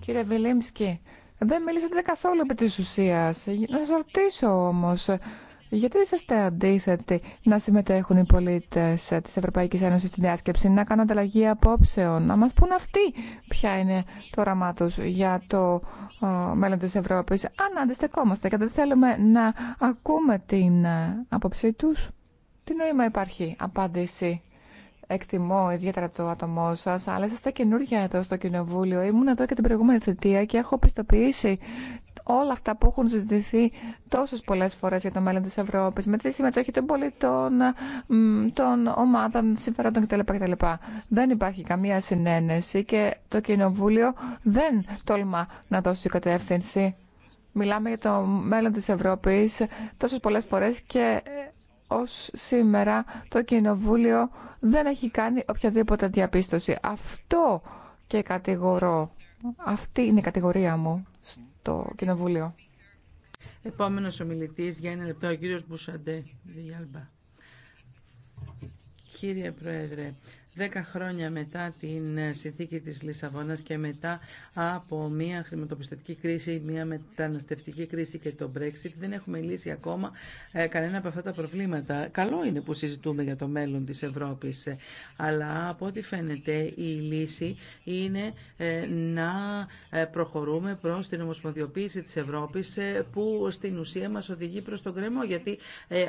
Κύριε Βιλίμσκι, δεν μιλήσατε καθόλου επί της ουσίας. Να σας ρωτήσω όμως, γιατί είσαστε αντίθετοι να συμμετέχουν οι πολίτε τη Ευρωπαϊκή Ένωση στην διάσκεψη, να κάνουν ανταλλαγή απόψεων, να μα πούν αυτοί ποια είναι το όραμά του για το ε, μέλλον τη Ευρώπη. Αν αντιστεκόμαστε και δεν θέλουμε να ακούμε την ε, άποψή του, τι νόημα υπάρχει απάντηση. Εκτιμώ ιδιαίτερα το άτομό σα, αλλά είστε καινούργια εδώ στο Κοινοβούλιο. Ήμουν εδώ και την προηγούμενη θητεία και έχω πιστοποιήσει όλα αυτά που έχουν ζητηθεί τόσες πολλές φορές για το μέλλον τη Ευρώπη με τη συμμετοχή των πολιτών, των ομάδων, συμφερόντων κτλ. Δεν υπάρχει καμία συνένεση και το Κοινοβούλιο δεν τολμά να δώσει κατεύθυνση. Μιλάμε για το μέλλον της Ευρώπης τόσες πολλές φορές και ε, ως σήμερα το Κοινοβούλιο δεν έχει κάνει οποιαδήποτε διαπίστωση. Αυτό και κατηγορώ. Αυτή είναι η κατηγορία μου το Κοινοβούλιο. Επόμενος ομιλητής για ένα λεπτό, ο κύριος Μπουσαντέ, Κύριε Πρόεδρε, Δέκα χρόνια μετά την ε, συνθήκη της Λισαβόνας και μετά από μια χρηματοπιστωτική κρίση, μια μεταναστευτική κρίση και το Brexit, δεν έχουμε λύσει ακόμα ε, κανένα από αυτά τα προβλήματα. Καλό είναι που συζητούμε για το μέλλον της Ευρώπης, ε, αλλά από ό,τι φαίνεται η λύση είναι να προχωρούμε προς την ομοσπονδιοποίηση της Ευρώπης που στην ουσία μας οδηγεί προς τον κρεμό, γιατί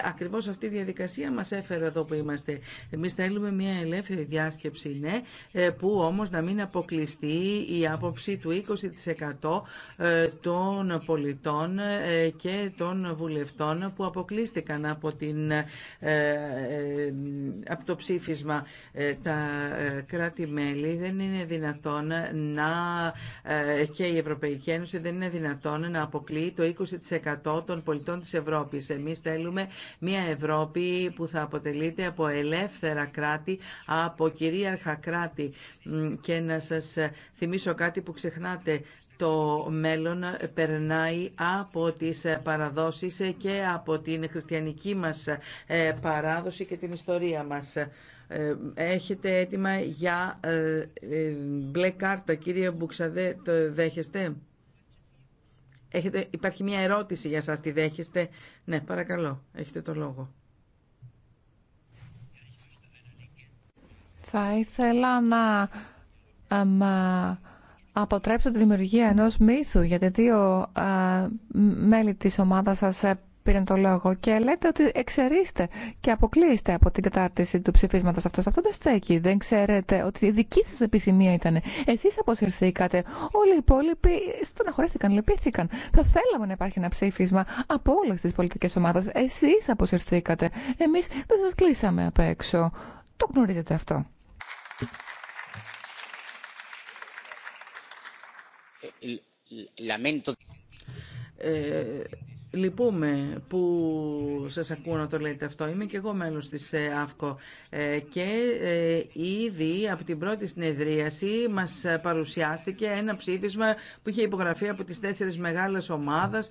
ακριβώς αυτή η διαδικασία μας έφερε εδώ που είμαστε. Εμείς θέλουμε μια ελεύθερη διάσκεψη, ναι, ε, που όμως να μην αποκλειστεί η άποψη του 20% ε, των πολιτών ε, και των βουλευτών που αποκλείστηκαν από, την, από το ψήφισμα. Τα κράτη-μέλη δεν είναι δυνατόν να και η Ευρωπαϊκή Ένωση δεν είναι δυνατόν να αποκλείει το 20% των πολιτών της Ευρώπης. Εμείς θέλουμε μια Ευρώπη που θα αποτελείται από ελεύθερα κράτη, από από κυρίαρχα κράτη και να σας θυμίσω κάτι που ξεχνάτε το μέλλον περνάει από τις παραδόσεις και από την χριστιανική μας ε, παράδοση και την ιστορία μας. Ε, έχετε έτοιμα για ε, μπλε κάρτα, κύριε Μπουξαδέ, το δέχεστε. Έχετε, υπάρχει μια ερώτηση για σας, τη δέχεστε. Ναι, παρακαλώ, έχετε το λόγο. Θα ήθελα να αποτρέψω τη δημιουργία ενός μύθου, γιατί δύο μέλη της ομάδας σας ε, πήραν το λόγο και λέτε ότι εξαιρείστε και αποκλείστε από την κατάρτιση του ψηφίσματος αυτός. Αυτό δεν στέκει. Δεν ξέρετε ότι η δική σας επιθυμία ήταν. Εσείς αποσυρθήκατε. Όλοι οι υπόλοιποι στεναχωρέθηκαν, λυπήθηκαν. Θα θέλαμε να υπάρχει ένα ψήφισμα από όλες τις πολιτικές ομάδες. Εσείς αποσυρθήκατε. Εμείς δεν σας κλείσαμε απ' έξω. Το γνωρίζετε αυτό. lamento Λυπούμε που σας ακούω να το λέτε αυτό. Είμαι και εγώ μέλος της ε, ΑΦΚΟ ε, και ε, ήδη από την πρώτη συνεδρίαση μας παρουσιάστηκε ένα ψήφισμα που είχε υπογραφεί από τις τέσσερις μεγάλες ομάδες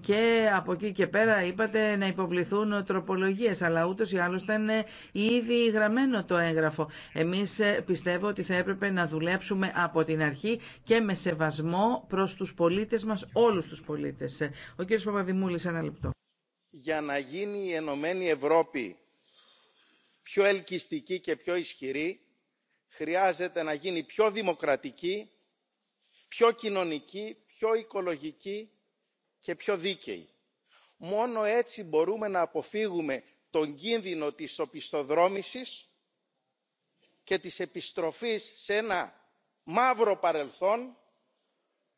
και από εκεί και πέρα είπατε να υποβληθούν τροπολογίες, αλλά ούτως ή άλλως ήταν ήδη γραμμένο το έγγραφο. Εμείς πιστεύω ότι θα έπρεπε να δουλέψουμε από την αρχή και με σεβασμό προς τους πολίτες μας, όλους τους πολίτες. Ο για να γίνει η Ενωμένη Ευρώπη πιο ελκυστική και πιο ισχυρή, χρειάζεται να γίνει πιο δημοκρατική, πιο κοινωνική, πιο οικολογική και πιο δίκαιη. Μόνο έτσι μπορούμε να αποφύγουμε τον κίνδυνο της οπισθοδρόμησης και της επιστροφής σε ένα μαύρο παρελθόν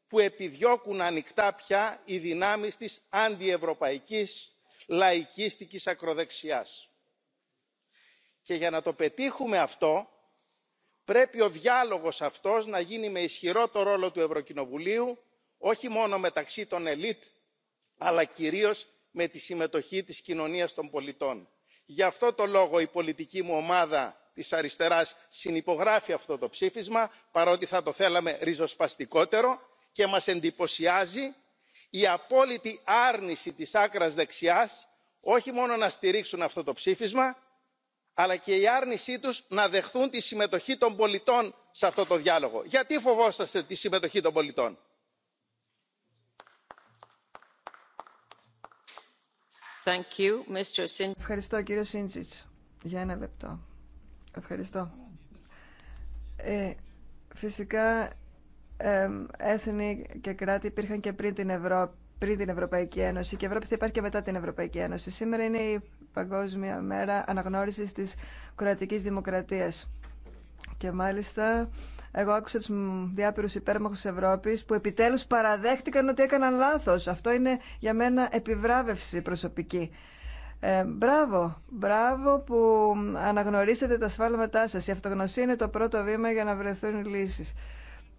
που επιδιώκουν ανοιχτά πια οι δυνάμεις της αντιευρωπαϊκής λαϊκίστικης ακροδεξιάς. Και για να το πετύχουμε αυτό πρέπει ο διάλογος αυτός να γίνει με ισχυρό το ρόλο του Ευρωκοινοβουλίου όχι μόνο μεταξύ των ελίτ αλλά κυρίως με τη συμμετοχή της κοινωνίας των πολιτών. Γι' αυτό το λόγο η πολιτική μου ομάδα της αριστεράς συνυπογράφει αυτό το ψήφισμα παρότι θα το θέλαμε ριζοσπαστικότερο και μας εντυπωσιάζει η απόλυτη άρνηση της άκρας δεξιάς όχι μόνο να στηρίξουν αυτό το ψήφισμα αλλά και η άρνησή τους να δεχθούν τη συμμετοχή των πολιτών σε αυτό το διάλογο. γιατί φοβόσαστε τη συμμετοχή των πολιτών; Ευχαριστώ κύριο Σίντζιτς. Για ένα λεπτό. Ευχαριστώ. Ε, φυσικά έθνη και κράτη υπήρχαν και πριν την την Ευρωπαϊκή Ένωση και η Ευρώπη θα υπάρχει και μετά την Ευρωπαϊκή Ένωση. Σήμερα είναι η Παγκόσμια Μέρα Αναγνώρισης της Κροατικής Δημοκρατίας. Και μάλιστα εγώ άκουσα τους διάπειρους υπέρμαχους Ευρώπης που επιτέλους παραδέχτηκαν ότι έκαναν λάθος. Αυτό είναι για μένα επιβράβευση προσωπική. Ε, μπράβο, μπράβο που αναγνωρίσατε τα σφάλματά σας. Η αυτογνωσία είναι το πρώτο βήμα για να βρεθούν λύσει.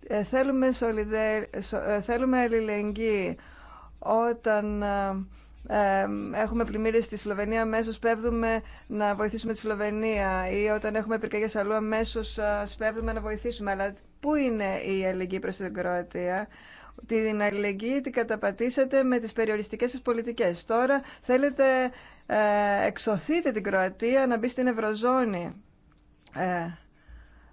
Ε, θέλουμε, σολιδε... Ε, θέλουμε αλληλεγγύη. Όταν ε, έχουμε πλημμύρες στη Σλοβενία, αμέσω σπέβδουμε να βοηθήσουμε τη Σλοβενία ή όταν έχουμε πυρκαγιές αλλού, αμέσω σπέβδουμε να βοηθήσουμε. Αλλά πού είναι η αλληλεγγύη προς την Κροατία. Την αλληλεγγύη την καταπατήσατε με τις περιοριστικές σας πολιτικές. Τώρα θέλετε εξωθείτε την Κροατία να μπει στην Ευρωζώνη. Ε,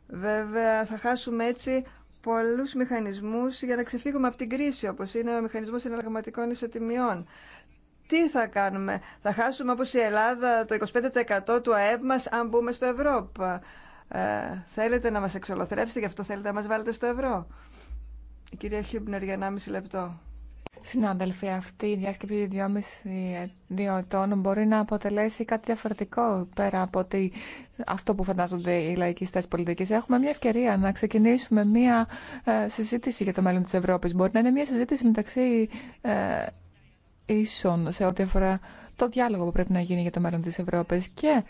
βέβαια θα χάσουμε έτσι πολλούς μηχανισμούς για να ξεφύγουμε από την κρίση, όπως είναι ο μηχανισμός συναλλαγματικών ισοτιμιών. Τι θα κάνουμε, θα χάσουμε όπως η Ελλάδα το 25% του ΑΕΠ μας αν μπούμε στο Ευρώπη. Ε, θέλετε να μας εξολοθρέψετε, γι' αυτό θέλετε να μας βάλετε στο ευρώ. Η κυρία Χιούμπνερ για 1,5 λεπτό. Συνάδελφοι, αυτή η διάσκεψη δύο ετών μπορεί να αποτελέσει κάτι διαφορετικό πέρα από ότι αυτό που φαντάζονται οι λαϊκιστέ πολιτικές. Έχουμε μια ευκαιρία να ξεκινήσουμε μια ε, συζήτηση για το μέλλον της Ευρώπης. Μπορεί να είναι μια συζήτηση μεταξύ ε, ίσων σε ό,τι αφορά το διάλογο που πρέπει να γίνει για το μέλλον της Ευρώπης και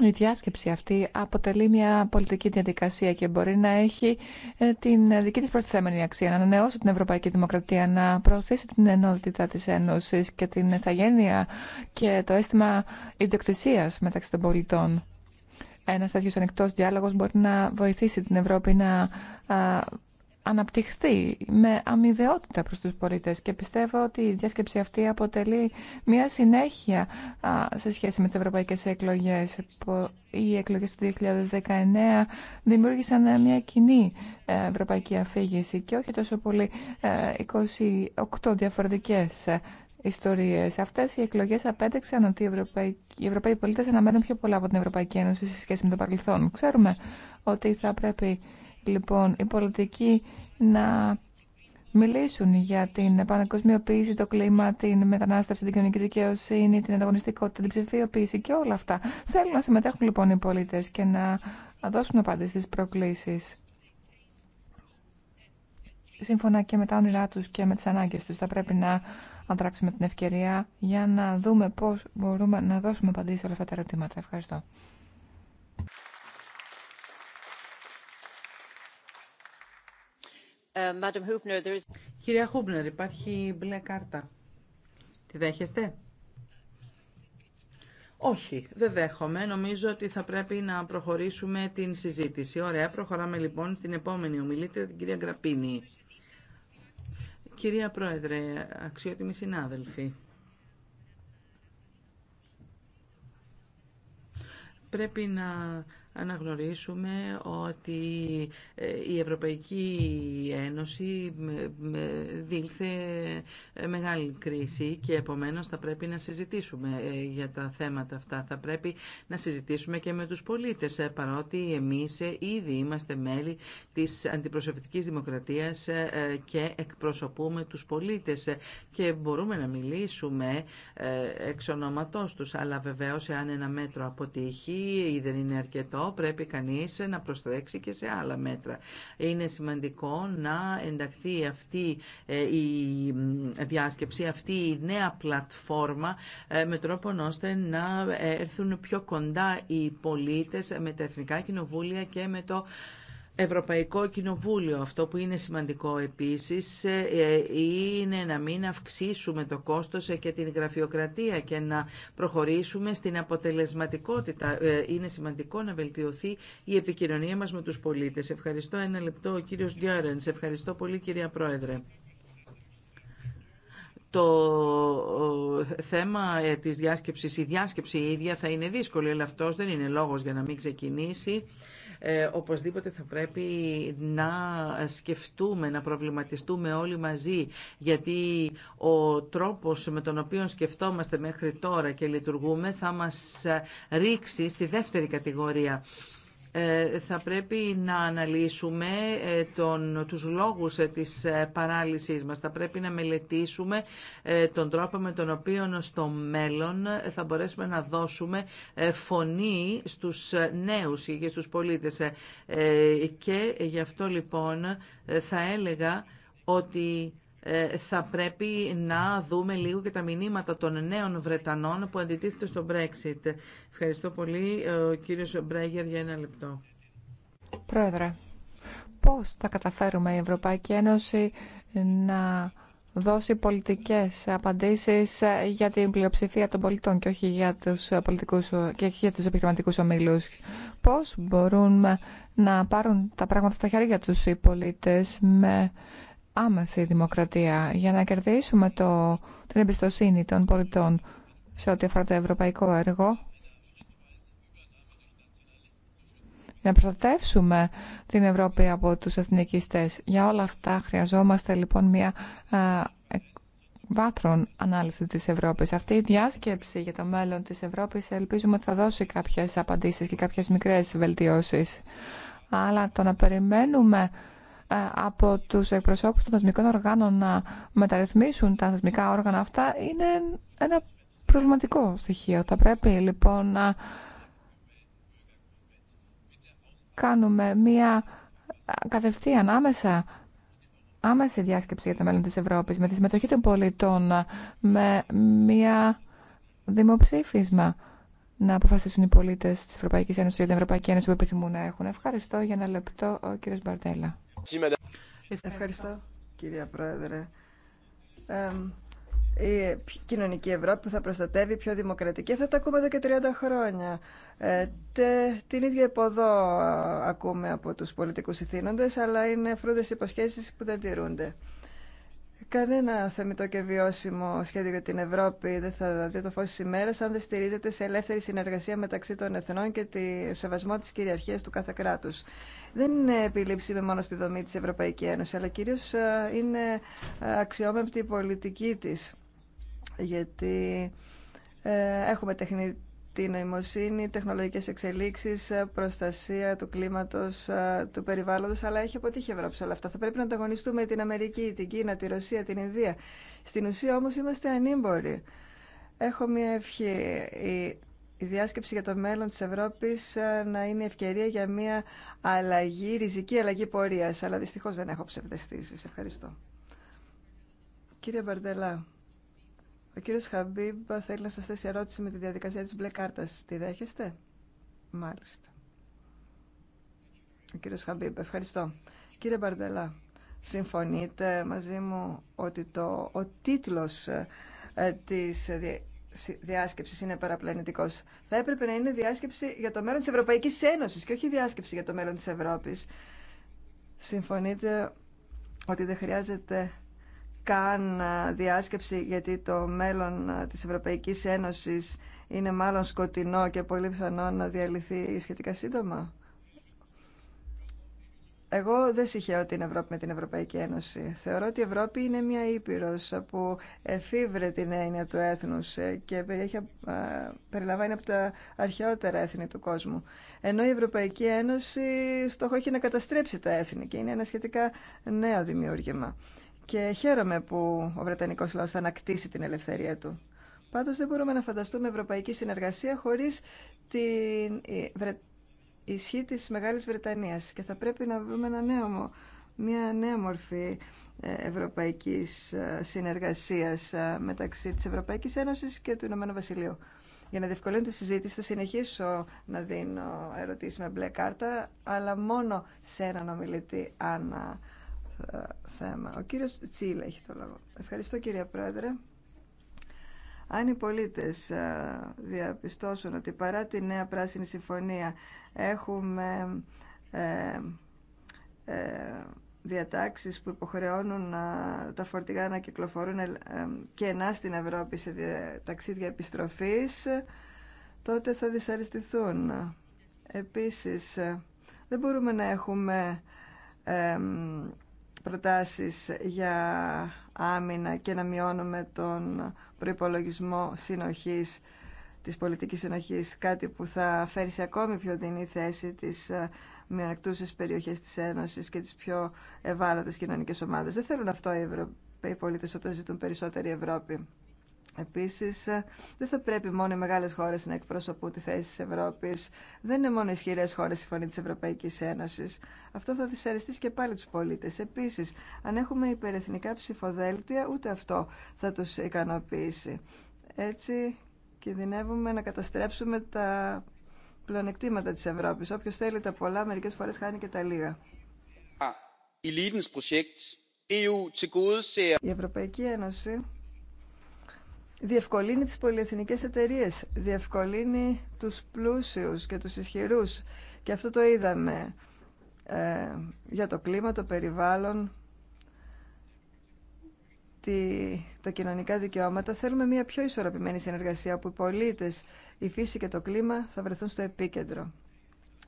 η διάσκεψη αυτή αποτελεί μια πολιτική διαδικασία και μπορεί να έχει ε, την δική της προστιθέμενη αξία, να ανανεώσει την Ευρωπαϊκή Δημοκρατία, να προωθήσει την ενότητα της Ένωσης και την εθαγένεια και το αίσθημα ιδιοκτησίας μεταξύ των πολιτών. Ένας τέτοιος ανοιχτός διάλογος μπορεί να βοηθήσει την Ευρώπη να αναπτυχθεί με αμοιβαιότητα προς τους πολίτες και πιστεύω ότι η διάσκεψη αυτή αποτελεί μια συνέχεια σε σχέση με τις ευρωπαϊκές εκλογές. Οι εκλογές του 2019 δημιούργησαν μια κοινή ε, ευρωπαϊκή αφήγηση και όχι τόσο πολύ 28 ε, διαφορετικές ε, ιστορίες. Αυτές οι εκλογές απέδειξαν ότι οι Ευρωπαίοι, οι Ευρωπαίοι πολίτες αναμένουν πιο πολλά από την Ευρωπαϊκή Ένωση σε σχέση με το παρελθόν. Ξέρουμε ότι θα πρέπει λοιπόν οι πολιτικοί να μιλήσουν για την επανακοσμιοποίηση, το κλίμα, την μετανάστευση, την κοινωνική δικαιοσύνη, την ανταγωνιστικότητα, την ψηφιοποίηση και όλα αυτά. Θέλουν να συμμετέχουν λοιπόν οι πολίτες και να δώσουν απάντηση στις προκλήσεις σύμφωνα και με τα όνειρά τους και με τις ανάγκες τους. Θα πρέπει να αντράξουμε την ευκαιρία για να δούμε πώς μπορούμε να δώσουμε απαντήσεις σε όλα αυτά τα ερωτήματα. Ευχαριστώ. Ε, κυρία Χούμπνερ, υπάρχει μπλε κάρτα. Τη δέχεστε? Όχι, δεν δέχομαι. Νομίζω ότι θα πρέπει να προχωρήσουμε την συζήτηση. Ωραία, προχωράμε λοιπόν στην επόμενη ομιλήτρια, την κυρία Γκραπίνη. Κυρία Πρόεδρε, αξιότιμοι συνάδελφοι. Πρέπει να αναγνωρίσουμε ότι ε, η Ευρωπαϊκή Ένωση δήλθε ε, μεγάλη κρίση και επομένως θα πρέπει να συζητήσουμε ε, για τα θέματα αυτά. Θα πρέπει να συζητήσουμε και με τους πολίτες παρότι εμείς ήδη είμαστε μέλη της αντιπροσωπευτικής δημοκρατίας και εκπροσωπούμε τους πολίτες και μπορούμε να μιλήσουμε εξ ονόματός τους αλλά βεβαίως εάν ένα μέτρο αποτύχει ή δεν είναι αρκετό πρέπει κανείς να προστρέξει και σε άλλα μέτρα. Είναι σημαντικό να ενταχθεί αυτή ε, η διάσκεψη, αυτή η νέα πλατφόρμα ε, με τρόπο ώστε να ε, έρθουν πιο κοντά οι πολίτες με τα Εθνικά Κοινοβούλια και με το Ευρωπαϊκό Κοινοβούλιο. Αυτό που είναι σημαντικό επίσης ε, είναι να μην αυξήσουμε το κόστος ε, και την γραφειοκρατία και να προχωρήσουμε στην αποτελεσματικότητα. Ε, είναι σημαντικό να βελτιωθεί η επικοινωνία μας με τους πολίτες. Ευχαριστώ ένα λεπτό ο κύριος Γκιόρενς. Ευχαριστώ πολύ κυρία Πρόεδρε. Το θέμα της διάσκεψης, η διάσκεψη η ίδια θα είναι δύσκολη, αλλά αυτός δεν είναι λόγος για να μην ξεκινήσει. Ε, οπωσδήποτε θα πρέπει να σκεφτούμε, να προβληματιστούμε όλοι μαζί, γιατί ο τρόπος με τον οποίο σκεφτόμαστε μέχρι τώρα και λειτουργούμε θα μας ρίξει στη δεύτερη κατηγορία. Ε, θα πρέπει να αναλύσουμε ε, τον, τους λόγους ε, της παράλυσης μας. Θα πρέπει να μελετήσουμε τον τρόπο με τον οποίο στο μέλλον θα μπορέσουμε να δώσουμε φωνή στους νέους και στους πολίτες. Και γι' αυτό λοιπόν θα έλεγα ότι ε, θα πρέπει να δούμε λίγο και τα μηνύματα των νέων Βρετανών που αντιτίθεται στο Brexit. Ευχαριστώ πολύ. Ε, ο κύριος Μπρέγερ για ένα λεπτό. Πρόεδρε, πώς θα καταφέρουμε η Ευρωπαϊκή Ένωση να δώσει πολιτικές απαντήσεις για την πλειοψηφία των πολιτών και όχι για τους, πολιτικούς, και όχι για τους επιχειρηματικούς ομίλους. Πώς μπορούν να πάρουν τα πράγματα στα χέρια τους οι πολίτες με άμεση δημοκρατία για να κερδίσουμε το, την εμπιστοσύνη των πολιτών σε ό,τι αφορά το ευρωπαϊκό έργο. Για να προστατεύσουμε την Ευρώπη από τους εθνικιστές. Για όλα αυτά χρειαζόμαστε λοιπόν μια βάθρον ανάλυση της Ευρώπης. Αυτή η διάσκεψη για το μέλλον της Ευρώπης ελπίζουμε ότι θα δώσει κάποιες απαντήσεις και κάποιες μικρές βελτιώσεις. Αλλά το να περιμένουμε ε, από τους εκπροσώπους των θεσμικών οργάνων να μεταρρυθμίσουν τα θεσμικά όργανα αυτά είναι ένα προβληματικό στοιχείο. Θα πρέπει λοιπόν να κάνουμε μία κατευθείαν άμεσα άμεση διάσκεψη για το μέλλον της Ευρώπης με τη συμμετοχή των πολιτών με μία δημοψήφισμα να αποφασίσουν οι πολίτες της Ευρωπαϊκής Ένωσης για την Ευρωπαϊκή Ένωση που επιθυμούν να έχουν. Ευχαριστώ για ένα λεπτό ο κύριος Μπαρτέλα. Ευχαριστώ, κυρία Πρόεδρε. η κοινωνική Ευρώπη που θα προστατεύει πιο δημοκρατική θα τα ακούμε εδώ και 30 χρόνια. Ε, την ίδια υποδό ακούμε από τους πολιτικούς ηθήνοντες, αλλά είναι φρούδες υποσχέσεις που δεν τηρούνται. Κανένα θεμητό και βιώσιμο σχέδιο για την Ευρώπη δεν θα δει το φως της ημέρας αν δεν στηρίζεται σε ελεύθερη συνεργασία μεταξύ των εθνών και τη σεβασμό της κυριαρχίας του κάθε κράτους. Δεν είναι επιλήψη με μόνο στη δομή της Ευρωπαϊκή Ένωση, αλλά κυρίως ε, είναι ε, αξιόμεμπτη η πολιτική της. Γιατί ε, έχουμε τεχνητή τη νοημοσύνη, τεχνολογικές εξελίξεις, προστασία του κλίματος, ε, του περιβάλλοντος, αλλά έχει αποτύχει η Ευρώπη σε όλα αυτά. Θα πρέπει να ανταγωνιστούμε την Αμερική, την Κίνα, τη Ρωσία, την Ινδία. Στην ουσία όμως είμαστε ανήμποροι. Έχω μια ευχή. Η διάσκεψη για το μέλλον της Ευρώπης ε, να είναι ευκαιρία για μια αλλαγή, ριζική αλλαγή πορείας. Αλλά δυστυχώς δεν έχω ψευδεστήσεις. Ευχαριστώ. Κύριε Μπαρντελά, ο κύριος Χαμπίμπ θέλει να σας θέσει ερώτηση με τη διαδικασία της μπλε κάρτας. Τη δέχεστε? Μάλιστα. Ο κύριος Χαμπίμπ, ευχαριστώ. Κύριε Μπαρντελά, συμφωνείτε μαζί μου ότι το, ο τίτλος ε, της διάσκεψης είναι παραπλανητικός. Θα έπρεπε να είναι διάσκεψη για το μέλλον της Ευρωπαϊκής Ένωσης και όχι διάσκεψη για το μέλλον της Ευρώπης. Συμφωνείτε ότι δεν χρειάζεται καν διάσκεψη γιατί το μέλλον της Ευρωπαϊκής Ένωσης είναι μάλλον σκοτεινό και πολύ πιθανό να διαλυθεί σχετικά σύντομα. Εγώ δεν συγχαιώ την Ευρώπη με την Ευρωπαϊκή Ένωση. Θεωρώ ότι η Ευρώπη είναι μια ήπειρος που εφήβρε την έννοια του έθνους ε, και περιλαμβάνει από τα αρχαιότερα έθνη του κόσμου. Ενώ η Ευρωπαϊκή Ένωση στόχο έχει να καταστρέψει τα έθνη και είναι ένα σχετικά νέο δημιούργημα και χαίρομαι που ο Βρετανικό λάο θα ανακτήσει την ελευθερία του. Πάντως δεν μπορούμε να φανταστούμε ευρωπαϊκή συνεργασία χωρίς την ε, ισχύ της μεγάλη Βρετανία. και θα πρέπει να βρούμε ένα νέο, μια νέα μορφή ε, ευρωπαϊκής ε, συνεργασίας μεταξύ τη Ευρωπαϊκή Ένωση και του Ηνωμένου Βασιλείου. Για να διευκολύνω τη συζήτηση θα συνεχίσω να δίνω ερωτήσει με μπλε κάρτα, αλλά μόνο σε έναν ομιλητή, Άννα. Ε, θέμα. Ο κύριος Τσίλα έχει το λόγο. Ευχαριστώ κύριε Πρόεδρε. Αν οι πολίτες ε, διαπιστώσουν ότι παρά τη νέα πράσινη συμφωνία έχουμε ε, ε διατάξεις που υποχρεώνουν τα φορτηγά να κυκλοφορούν κενά στην Ευρώπη σε ταξίδια επιστροφής, τότε θα δυσαρεστηθούν. Επίσης, δεν μπορούμε να έχουμε προτάσεις για άμυνα και να μειώνουμε τον προϋπολογισμό συνοχής της πολιτικής συνοχής, κάτι που θα φέρει σε ακόμη πιο δινή θέση τις ε, μειονεκτούσες περιοχές της Ένωσης και τις πιο ευάλωτες κοινωνικές ομάδες. Δεν θέλουν αυτό οι Ευρωπαίοι πολίτες όταν ζητούν περισσότερη Ευρώπη. Επίσης, ε, δεν θα πρέπει μόνο οι μεγάλες χώρες να εκπροσωπούν τη θέση τη Ευρώπης. Δεν είναι μόνο οι ισχυρέ χώρες η φωνή τη Ευρωπαϊκή Ένωση. Αυτό θα δυσαρεστεί και πάλι του πολίτε. Επίσης, αν έχουμε υπερεθνικά ψηφοδέλτια, ούτε αυτό θα τους ικανοποιήσει. Έτσι, κινδυνεύουμε να καταστρέψουμε τα πλεονεκτήματα τη Ευρώπη. Όποιο θέλει τα πολλά, μερικέ φορέ χάνει και τα λίγα. E η Ευρωπαϊκή Ένωση διευκολύνει τις πολυεθνικές εταιρείες, διευκολύνει τους πλούσιους και τους ισχυρούς. Και αυτό το είδαμε ε, για το κλίμα, το περιβάλλον, τη, τα κοινωνικά δικαιώματα. Θέλουμε μια πιο ισορροπημένη συνεργασία όπου οι πολίτες, η φύση και το κλίμα θα βρεθούν στο επίκεντρο.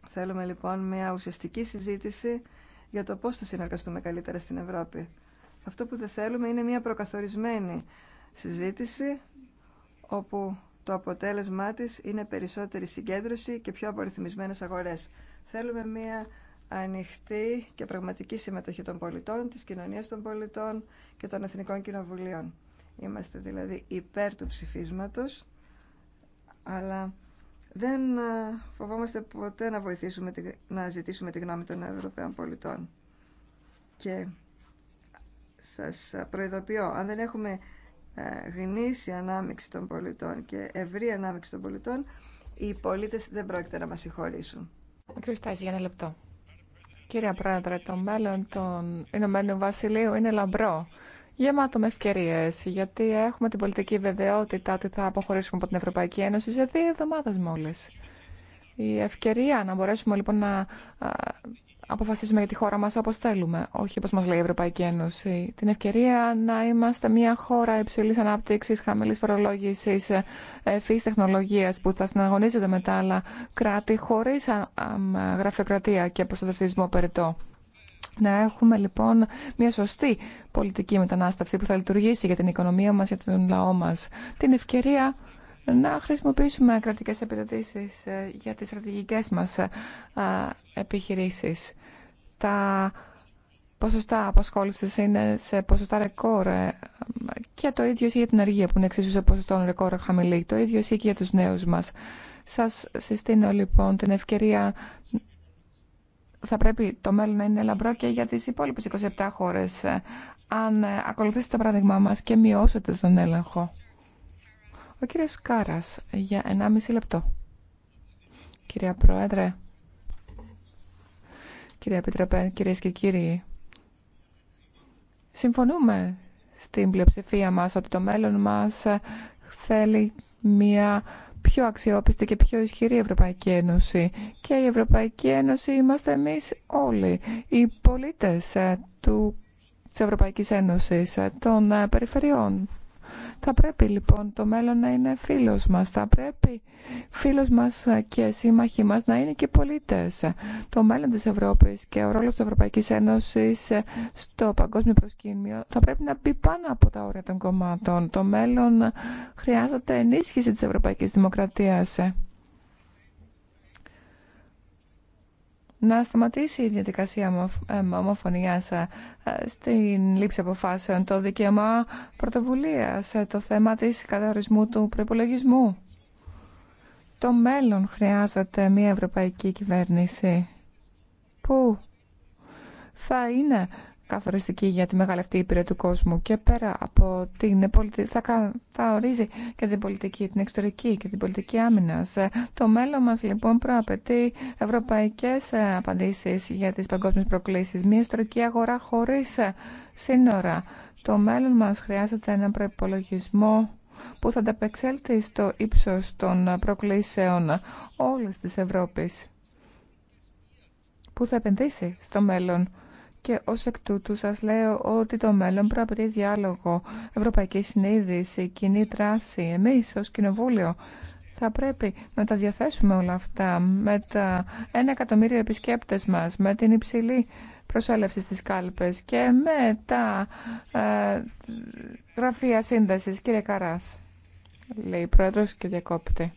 Θέλουμε λοιπόν μια ουσιαστική συζήτηση για το πώς θα συνεργαστούμε καλύτερα στην Ευρώπη. Αυτό που δεν θέλουμε είναι μια προκαθορισμένη συζήτηση όπου το αποτέλεσμά της είναι περισσότερη συγκέντρωση και πιο απορριθμισμένες αγορές. Θέλουμε μία ανοιχτή και πραγματική συμμετοχή των πολιτών, της κοινωνίας των πολιτών και των εθνικών κοινοβουλίων. Είμαστε δηλαδή υπέρ του ψηφίσματος, αλλά δεν ε, φοβόμαστε ποτέ να βοηθήσουμε, να ζητήσουμε τη γνώμη των Ευρωπαίων πολιτών. Και σας προειδοποιώ, αν δεν έχουμε ε, γνήσια ανάμειξη των πολιτών και ευρύ ανάμειξη των πολιτών, οι πολίτες δεν πρόκειται να μας συγχωρήσουν. Κύριε για ένα λεπτό. Κύριε Πρόεδρε, το μέλλον των Ηνωμένων Βασιλείου είναι λαμπρό γεμάτο με ευκαιρίε. Γιατί έχουμε την πολιτική βεβαιότητα ότι θα αποχωρήσουμε από την Ευρωπαϊκή Ένωση σε δύο εβδομάδε μόλι. Η ευκαιρία να μπορέσουμε λοιπόν να αποφασίσουμε για τη χώρα μας όπως θέλουμε, όχι όπως μας λέει η Ευρωπαϊκή Ένωση. Την ευκαιρία να είμαστε μια χώρα υψηλής ανάπτυξης, χαμηλής φορολόγησης, φύση τεχνολογίας που θα συναγωνίζεται με τα άλλα κράτη χωρίς γραφειοκρατία και προστατευτισμό περιττό. Να έχουμε λοιπόν μια σωστή πολιτική μετανάστευση που θα λειτουργήσει για την οικονομία μας, για τον λαό μας. Την ευκαιρία να χρησιμοποιήσουμε κρατικές επιδοτήσεις ε, για τις στρατηγικές μας ε, επιχειρήσεις. Τα ποσοστά απασχόλησης είναι σε ποσοστά ρεκόρ ε, και το ίδιο ισχύει για την αργία που είναι εξίσου σε ποσοστό ρεκόρ χαμηλή. Το ίδιο ισχύει και για τους νέους μας. Σας συστήνω λοιπόν την ευκαιρία θα πρέπει το μέλλον να είναι λαμπρό και για τις υπόλοιπες 27 χώρες αν ακολουθήσετε το παράδειγμά μας και μειώσετε τον έλεγχο. Ο κύριος Κάρας για 1,5 λεπτό. Κυρία Πρόεδρε, κυρία Επιτροπέ, κυρίες και κύριοι, συμφωνούμε στην πλειοψηφία μας ότι το μέλλον μας θέλει μια πιο αξιόπιστη και πιο ισχυρή Ευρωπαϊκή Ένωση. Και η Ευρωπαϊκή Ένωση είμαστε εμείς όλοι, οι πολίτες ε, του, της Ευρωπαϊκής Ένωσης, ε, των ε, περιφερειών, θα πρέπει λοιπόν το μέλλον να είναι φίλος μας. Θα πρέπει φίλος μας και σύμμαχοι μας να είναι και πολίτες. Το μέλλον της Ευρώπης και ο ρόλος της Ευρωπαϊκής Ένωσης στο παγκόσμιο προσκήνιο θα πρέπει να μπει πάνω από τα όρια των κομμάτων. Το μέλλον χρειάζεται ενίσχυση της Ευρωπαϊκής Δημοκρατίας να σταματήσει η διαδικασία ε, ομοφωνίας ε, στην λήψη αποφάσεων, το δικαίωμα σε το θέμα της καταορισμού του προπολογισμού. Το μέλλον χρειάζεται μια ευρωπαϊκή κυβέρνηση που θα είναι καθοριστική για τη μεγάλη αυτή του κόσμου και πέρα από την πολιτική, θα, θα ορίζει και την πολιτική, την εξωτερική και την πολιτική άμυνα. Το μέλλον μας λοιπόν προαπαιτεί ευρωπαϊκές ε, απαντήσεις για τις παγκόσμιες προκλήσεις. Μια ιστορική αγορά χωρί ε, σύνορα. Το μέλλον μας χρειάζεται έναν προπολογισμό που θα ανταπεξέλθει στο ύψο των προκλήσεων όλη τη Ευρώπη, που θα επενδύσει στο μέλλον και ως εκ τούτου σας λέω ότι το μέλλον προαπαιτεί διάλογο, ευρωπαϊκή συνείδηση, κοινή δράση. Εμείς ως κοινοβούλιο θα πρέπει να τα διαθέσουμε όλα αυτά με τα ένα εκατομμύριο επισκέπτες μας, με την υψηλή προσέλευση στις κάλπες και με τα ε, γραφεία σύνδεσης. Κύριε Καράς, λέει η Πρόεδρος και διακόπτη.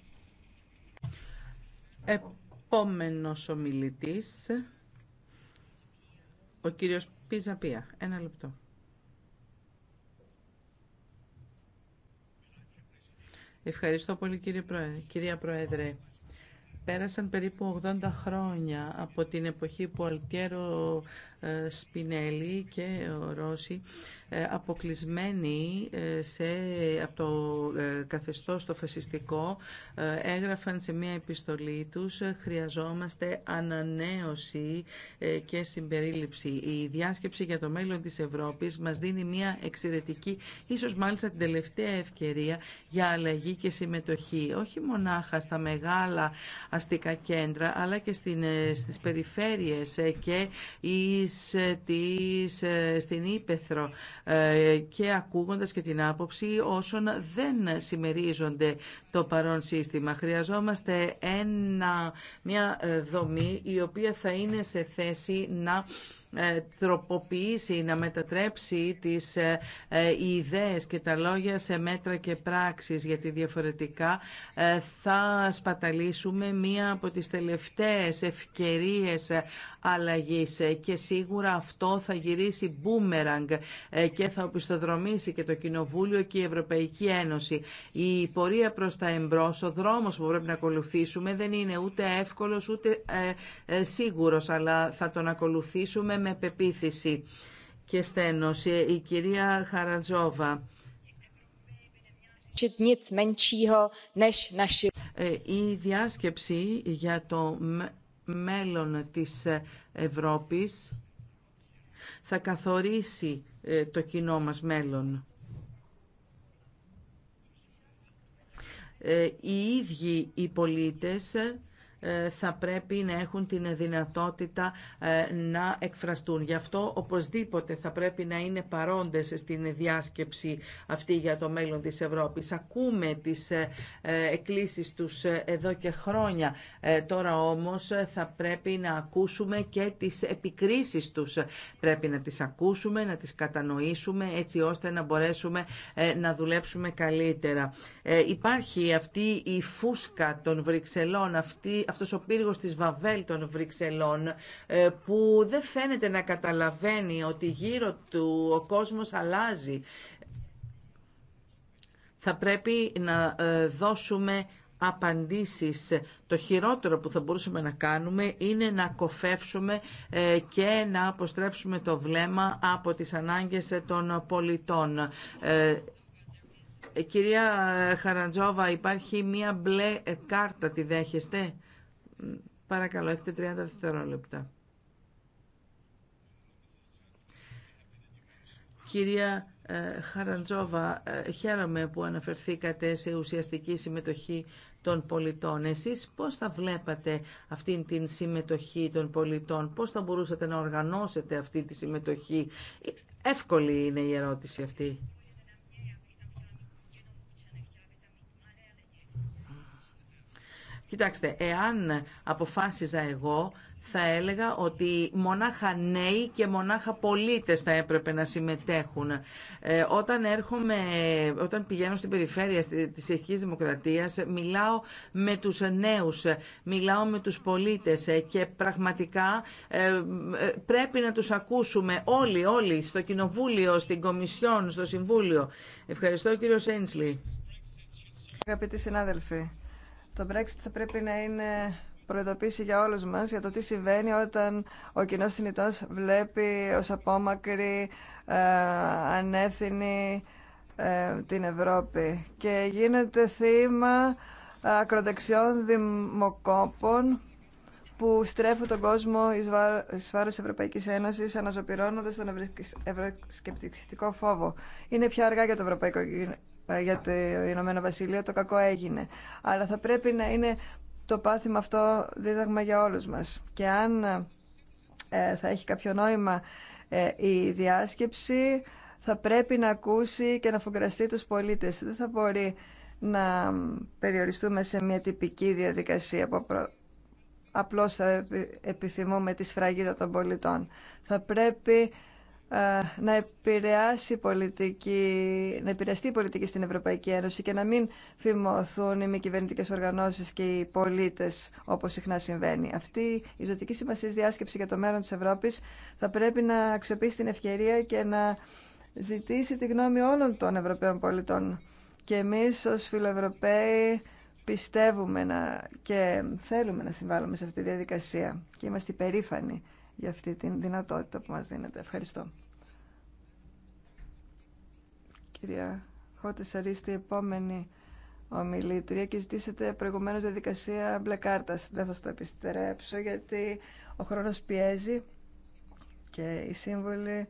Επόμενος ομιλητής. Ο κύριος Πιζαπία. Ένα λεπτό. Ευχαριστώ πολύ κύριε κυρία Πρόεδρε. Πέρασαν περίπου 80 χρόνια από την εποχή που ο Αλτιέρο ε, Σπινέλη και ο Ρώση ε, αποκλεισμένοι ε, σε, από το καθεστώς το φασιστικό έγραφαν σε μια επιστολή τους χρειαζόμαστε ανανέωση και συμπερίληψη. Η διάσκεψη για το μέλλον της Ευρώπης μας δίνει μια εξαιρετική, ίσως μάλιστα την τελευταία ευκαιρία για αλλαγή και συμμετοχή. Όχι μονάχα στα μεγάλα αστικά κέντρα αλλά και στις περιφέρειες και οι ε, ε, στην Ήπεθρο ε, και ακούγοντας και την άποψη όσων δεν συμμερίζονται το παρόν σύστημα. Χρειαζόμαστε ένα, μια δομή η οποία θα είναι σε θέση να ε, τροποποιήσει, να μετατρέψει τις ε, ε, ιδέες και τα λόγια σε μέτρα και πράξεις, γιατί διαφορετικά θα σπαταλήσουμε μία από τις τελευταίες ευκαιρίες αλλαγής και σίγουρα αυτό θα γυρίσει μπούμεραγκ και θα οπισθοδρομήσει και το Κοινοβούλιο και η Ευρωπαϊκή Ένωση. Η πορεία προς τα εμπρός, ο δρόμος που πρέπει να ακολουθήσουμε δεν είναι ούτε εύκολος ούτε σίγουρος, αλλά θα τον ακολουθήσουμε με πεποίθηση και στένωση. Η κυρία Χαραντζόβα. Ε, η διάσκεψη για το μέλλον της Ευρώπης θα καθορίσει ε, το κοινό μας μέλλον. Ε, οι ίδιοι οι πολίτες ε, θα πρέπει να έχουν την δυνατότητα ε, να εκφραστούν. Γι' αυτό οπωσδήποτε θα πρέπει να είναι παρόντες στην διάσκεψη αυτή για το μέλλον της Ευρώπης. Ακούμε τις ε, εκκλήσεις τους εδώ και χρόνια. Τώρα όμως θα πρέπει να ακούσουμε και τις επικρίσεις τους. Πρέπει να τις ακούσουμε, να τις κατανοήσουμε έτσι ώστε να μπορέσουμε να δουλέψουμε καλύτερα. Υπάρχει αυτή η φούσκα των Βρυξελών, αυτή αυτός ο πύργος της Βαβέλ των Βρυξελών ε, που δεν φαίνεται να καταλαβαίνει ότι γύρω του ο κόσμος αλλάζει. Θα πρέπει να ε, δώσουμε απαντήσεις. Το χειρότερο που θα μπορούσαμε να κάνουμε είναι να κοφεύσουμε ε, και να αποστρέψουμε το βλέμμα από τις ανάγκες των πολιτών. Κυρία Χαραντζόβα, υπάρχει μία μπλε κάρτα, τη δέχεστε. Παρακαλώ, έχετε 30 δευτερόλεπτα. Κυρία ε, Χαραντζόβα, ε, χαίρομαι που αναφερθήκατε σε ουσιαστική συμμετοχή των πολιτών. Εσείς πώς θα βλέπατε αυτήν την συμμετοχή των πολιτών, πώς θα μπορούσατε να οργανώσετε αυτή τη συμμετοχή. Εύκολη είναι η ερώτηση αυτή. Κοιτάξτε, εάν αποφάσιζα εγώ, θα έλεγα ότι μονάχα νέοι και μονάχα πολίτες θα έπρεπε να συμμετέχουν. Ε, όταν, έρχομαι, όταν πηγαίνω στην περιφέρεια της Εθνικής Δημοκρατίας, μιλάω με τους νέους, μιλάω με τους πολίτες ε, και πραγματικά ε, πρέπει να τους ακούσουμε όλοι, όλοι, στο Κοινοβούλιο, στην Κομισιόν, στο Συμβούλιο. Ευχαριστώ κύριο Σέντσλι. Αγαπητοί συνάδελφοι, το Brexit θα πρέπει να είναι προειδοποίηση για όλους μας για το τι συμβαίνει όταν ο κοινός θνητός βλέπει ως απόμακρη, ε, ανέθινη ε, την Ευρώπη και γίνεται θύμα ε, ακροδεξιών δημοκόπων που στρέφουν τον κόσμο εις, βάρο, εις Ευρωπαϊκής Ένωσης αναζωπυρώνοντας τον ευρωσκεπτικιστικό φόβο. Είναι πια αργά για το Ευρωπαϊκό ε, για το Ηνωμένο Βασίλειο το κακό έγινε. Αλλά θα πρέπει να είναι το πάθημα αυτό δίδαγμα για όλους μας. Και αν ε, θα έχει κάποιο νόημα ε, η διάσκεψη, θα πρέπει να ακούσει και να φογκραστεί τους πολίτες. Δεν θα μπορεί να περιοριστούμε σε μια τυπική διαδικασία που απλώς θα επιθυμούμε τη σφραγίδα των πολιτών. Θα πρέπει να επηρεάσει πολιτική, να επηρεαστεί η πολιτική στην Ευρωπαϊκή Ένωση και να μην φημωθούν οι μη κυβερνητικέ οργανώσει και οι πολίτε όπω συχνά συμβαίνει. Αυτή η ζωτική σημασία διάσκεψη για το μέλλον τη Ευρώπη θα πρέπει να αξιοποιήσει την ευκαιρία και να ζητήσει τη γνώμη όλων των Ευρωπαίων πολιτών. Και εμεί ω φιλοευρωπαίοι πιστεύουμε να... και θέλουμε να συμβάλλουμε σε αυτή τη διαδικασία και είμαστε υπερήφανοι για αυτή την δυνατότητα που μας δίνετε. Ευχαριστώ. Κυρία Χώτης Αρίστη, επόμενη ομιλήτρια και ζητήσετε προηγουμένως διαδικασία μπλε κάρτας. Δεν θα στο επιστρέψω γιατί ο χρόνος πιέζει και οι σύμβουλοι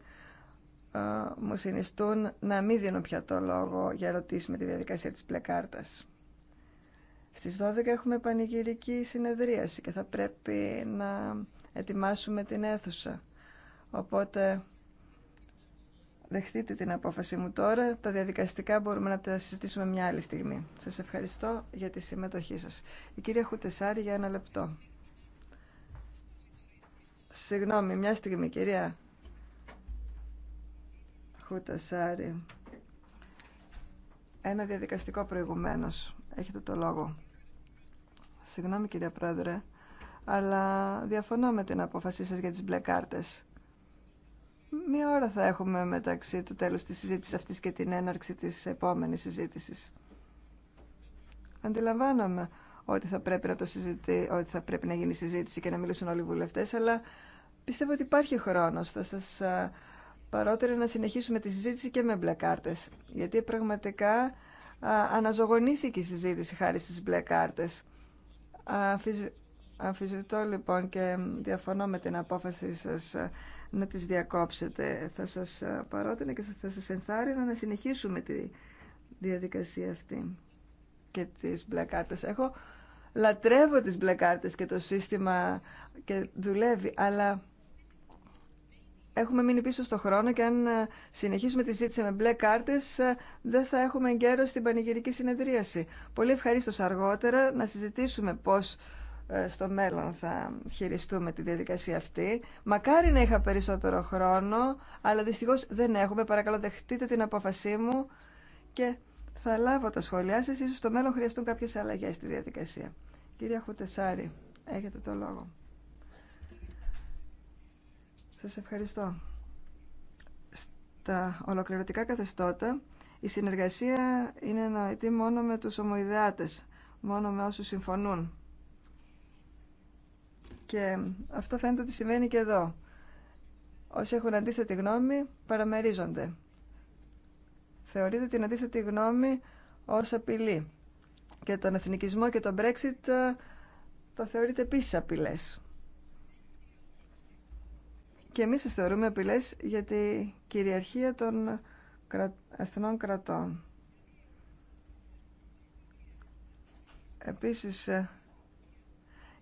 μου συνιστούν να μην δίνω πια το λόγο για ερωτήσεις με τη διαδικασία της μπλε κάρτας. Στις 12 έχουμε πανηγυρική συνεδρίαση και θα πρέπει να ετοιμάσουμε την αίθουσα. Οπότε δεχτείτε την απόφαση μου τώρα. Τα διαδικαστικά μπορούμε να τα συζητήσουμε μια άλλη στιγμή. Σας ευχαριστώ για τη συμμετοχή σας. Η κυρία Χουτεσάρη για ένα λεπτό. Συγγνώμη, μια στιγμή κυρία Χουτεσάρη. Ένα διαδικαστικό προηγουμένως. Έχετε το λόγο. Συγγνώμη κυρία Πρόεδρε αλλά διαφωνώ με την απόφασή σας για τις μπλε κάρτες. Μία ώρα θα έχουμε μεταξύ του τέλους της συζήτησης αυτής και την έναρξη της επόμενης συζήτησης. Αντιλαμβάνομαι ότι θα πρέπει να, το συζητή, ότι θα πρέπει να γίνει συζήτηση και να μιλήσουν όλοι οι βουλευτές, αλλά πιστεύω ότι υπάρχει χρόνος. Θα σας παρότερη να συνεχίσουμε τη συζήτηση και με μπλε κάρτες, γιατί πραγματικά αναζωογονήθηκε η συζήτηση χάρη στις μπλε κάρτες. Αμφισβητώ λοιπόν και διαφωνώ με την απόφασή σας να τις διακόψετε. Θα σας παρότεινα και θα σας ενθάρρυνα να συνεχίσουμε τη διαδικασία αυτή και τις μπλε κάρτες. Έχω... λατρεύω τις μπλε κάρτες και το σύστημα και δουλεύει, αλλά έχουμε μείνει πίσω στο χρόνο και αν συνεχίσουμε τη ζήτηση με μπλε κάρτες δεν θα έχουμε καιρό στην πανηγυρική συνεδρίαση. Πολύ ευχαρίστως αργότερα να συζητήσουμε πώς ε, στο μέλλον θα χειριστούμε τη διαδικασία αυτή. Μακάρι να είχα περισσότερο χρόνο, αλλά δυστυχώς δεν έχουμε. Παρακαλώ δεχτείτε την απόφασή μου και θα λάβω τα σχόλιά σας. Ίσως στο μέλλον χρειαστούν κάποιες αλλαγές στη διαδικασία. Κυρία Χουτεσάρη, έχετε το λόγο. Σας ευχαριστώ. Στα ολοκληρωτικά καθεστώτα η συνεργασία είναι εννοητή μόνο με τους ομοειδεάτες, μόνο με όσους συμφωνούν. Και αυτό φαίνεται ότι συμβαίνει και εδώ. Όσοι έχουν αντίθετη γνώμη παραμερίζονται. Θεωρείται την αντίθετη γνώμη ως απειλή. Και τον εθνικισμό και τον Brexit ε, το θεωρείται επίσης απειλές. Και εμείς σας θεωρούμε απειλές για τη κυριαρχία των εθνών κρατών. Επίσης, ε,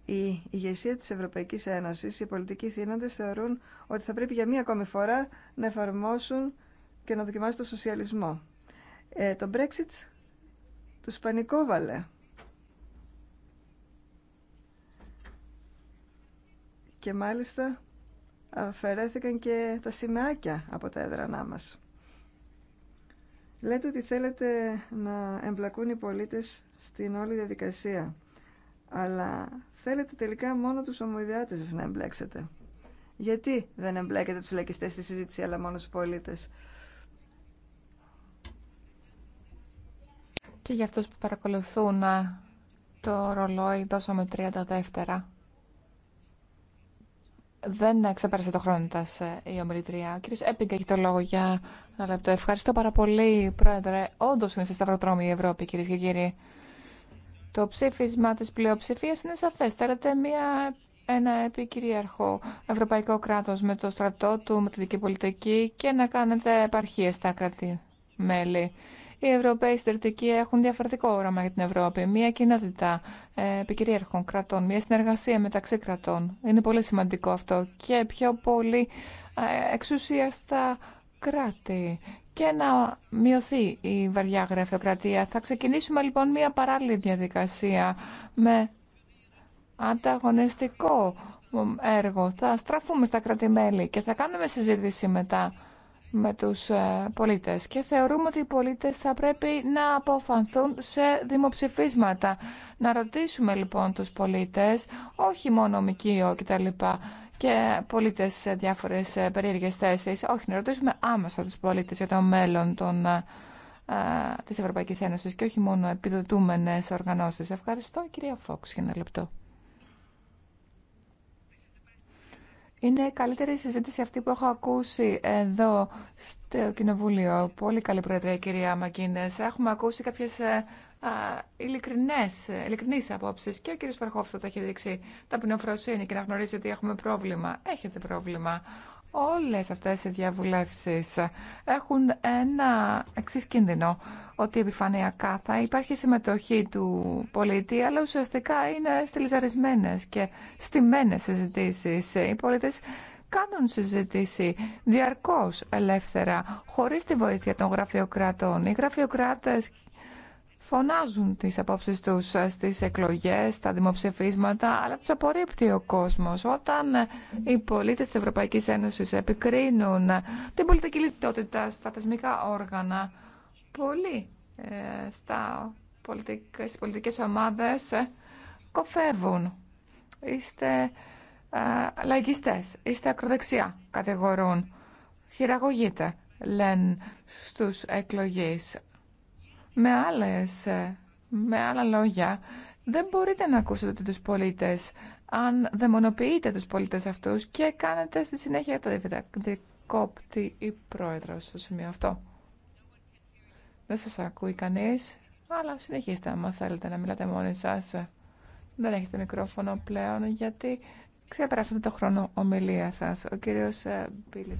η ηγεσία της Ευρωπαϊκής Ένωσης, οι πολιτικοί θύνοντες θεωρούν ότι θα πρέπει για μία ακόμη φορά να εφαρμόσουν και να δοκιμάσουν το σοσιαλισμό. Ε, το Brexit τους πανικόβαλε. Και μάλιστα αφαιρέθηκαν και τα σημαίακια από τα έδρανά μας. Λέτε ότι θέλετε να εμπλακούν οι πολίτες στην όλη διαδικασία αλλά Θέλετε τελικά μόνο τους ομοειδεάτες σας να εμπλέξετε. Γιατί δεν εμπλέκετε τους λαϊκιστές στη συζήτηση, αλλά μόνο τους πολίτες. Και για αυτούς που παρακολουθούν το ρολόι, δώσαμε 30 δεύτερα. Δεν ξεπέρασε το χρόνο τα ε, η ομιλητρία. Ο κύριο Έπιγκα έχει το λόγο για ένα λεπτό. Ευχαριστώ πάρα πολύ, Πρόεδρε. Όντω είναι σε σταυροδρόμι η Ευρώπη, κυρίε και κύριοι. Το ψήφισμα της πλειοψηφίας είναι σαφές. Θέλετε μια, ένα επικυριαρχό ευρωπαϊκό κράτος με το στρατό του, με τη δική πολιτική και να κάνετε επαρχίες στα κράτη-μέλη. Οι Ευρωπαίοι συντηρητικοί έχουν διαφορετικό όραμα για την Ευρώπη. Μια κοινότητα ε, επικυρίαρχων κρατών, μια συνεργασία μεταξύ κρατών. Είναι πολύ σημαντικό αυτό και πιο πολύ ε, εξουσία στα κράτη και να μειωθεί η βαριά γραφειοκρατία. Θα ξεκινήσουμε λοιπόν μια παράλληλη διαδικασία με ανταγωνιστικό έργο. Θα στραφούμε στα κρατημέλη και θα κάνουμε συζήτηση μετά με τους ε, πολίτες και θεωρούμε ότι οι πολίτες θα πρέπει να αποφανθούν σε δημοψηφίσματα. Να ρωτήσουμε λοιπόν τους πολίτες, όχι μόνο ομικείο κτλ και πολίτε σε διάφορε περίεργε θέσει. Όχι, να ρωτήσουμε άμεσα του πολίτε για το μέλλον τη Ευρωπαϊκή ε, της Ευρωπαϊκής και όχι μόνο επιδοτούμενες οργανώσεις. Ευχαριστώ, κυρία Φόξ, για ένα λεπτό. Είναι η καλύτερη συζήτηση αυτή που έχω ακούσει εδώ στο Κοινοβούλιο. Πολύ καλή Προεδρία, κυρία Μακίνες. Έχουμε ακούσει κάποιες ε, ειλικρινές, απόψει. και ο κ. Φαρχόφστα τα έχει δείξει τα πνεοφροσύνη και να γνωρίζει ότι έχουμε πρόβλημα. Έχετε πρόβλημα. Όλε αυτέ οι διαβουλεύσει έχουν ένα εξή κίνδυνο, ότι επιφανειακά θα υπάρχει συμμετοχή του πολίτη, αλλά ουσιαστικά είναι στυλιζαρισμένε και στημένε συζητήσει. Οι πολίτε κάνουν συζήτηση διαρκώς ελεύθερα, χωρίς τη βοήθεια των γραφειοκρατών. Οι γραφειοκράτε φωνάζουν τις απόψεις τους ε, στις εκλογές, στα δημοψηφίσματα, αλλά τους απορρίπτει ο κόσμος. Όταν ε, οι πολίτες της Ευρωπαϊκής Ένωσης επικρίνουν ε, την πολιτική λιτότητα στα θεσμικά όργανα, πολλοί ε, στα πολιτικές, πολιτικές ομάδες κοφεύουν. Είστε ε, λαϊκιστές, είστε ακροδεξιά, κατηγορούν. Χειραγωγείτε, λένε στους εκλογείς. Με, άλλες, ε, με άλλα λόγια, δεν μπορείτε να ακούσετε τους πολίτες αν δαιμονοποιείτε τους πολίτες αυτούς και κάνετε στη συνέχεια τα πτή η πρόεδρος στο σημείο αυτό. Δεν σας ακούει κανείς, αλλά συνεχίστε άμα θέλετε να μιλάτε μόνοι σας. Δεν έχετε μικρόφωνο πλέον γιατί ξεπεράσατε το χρόνο ομιλία σας. Ο κύριος ε,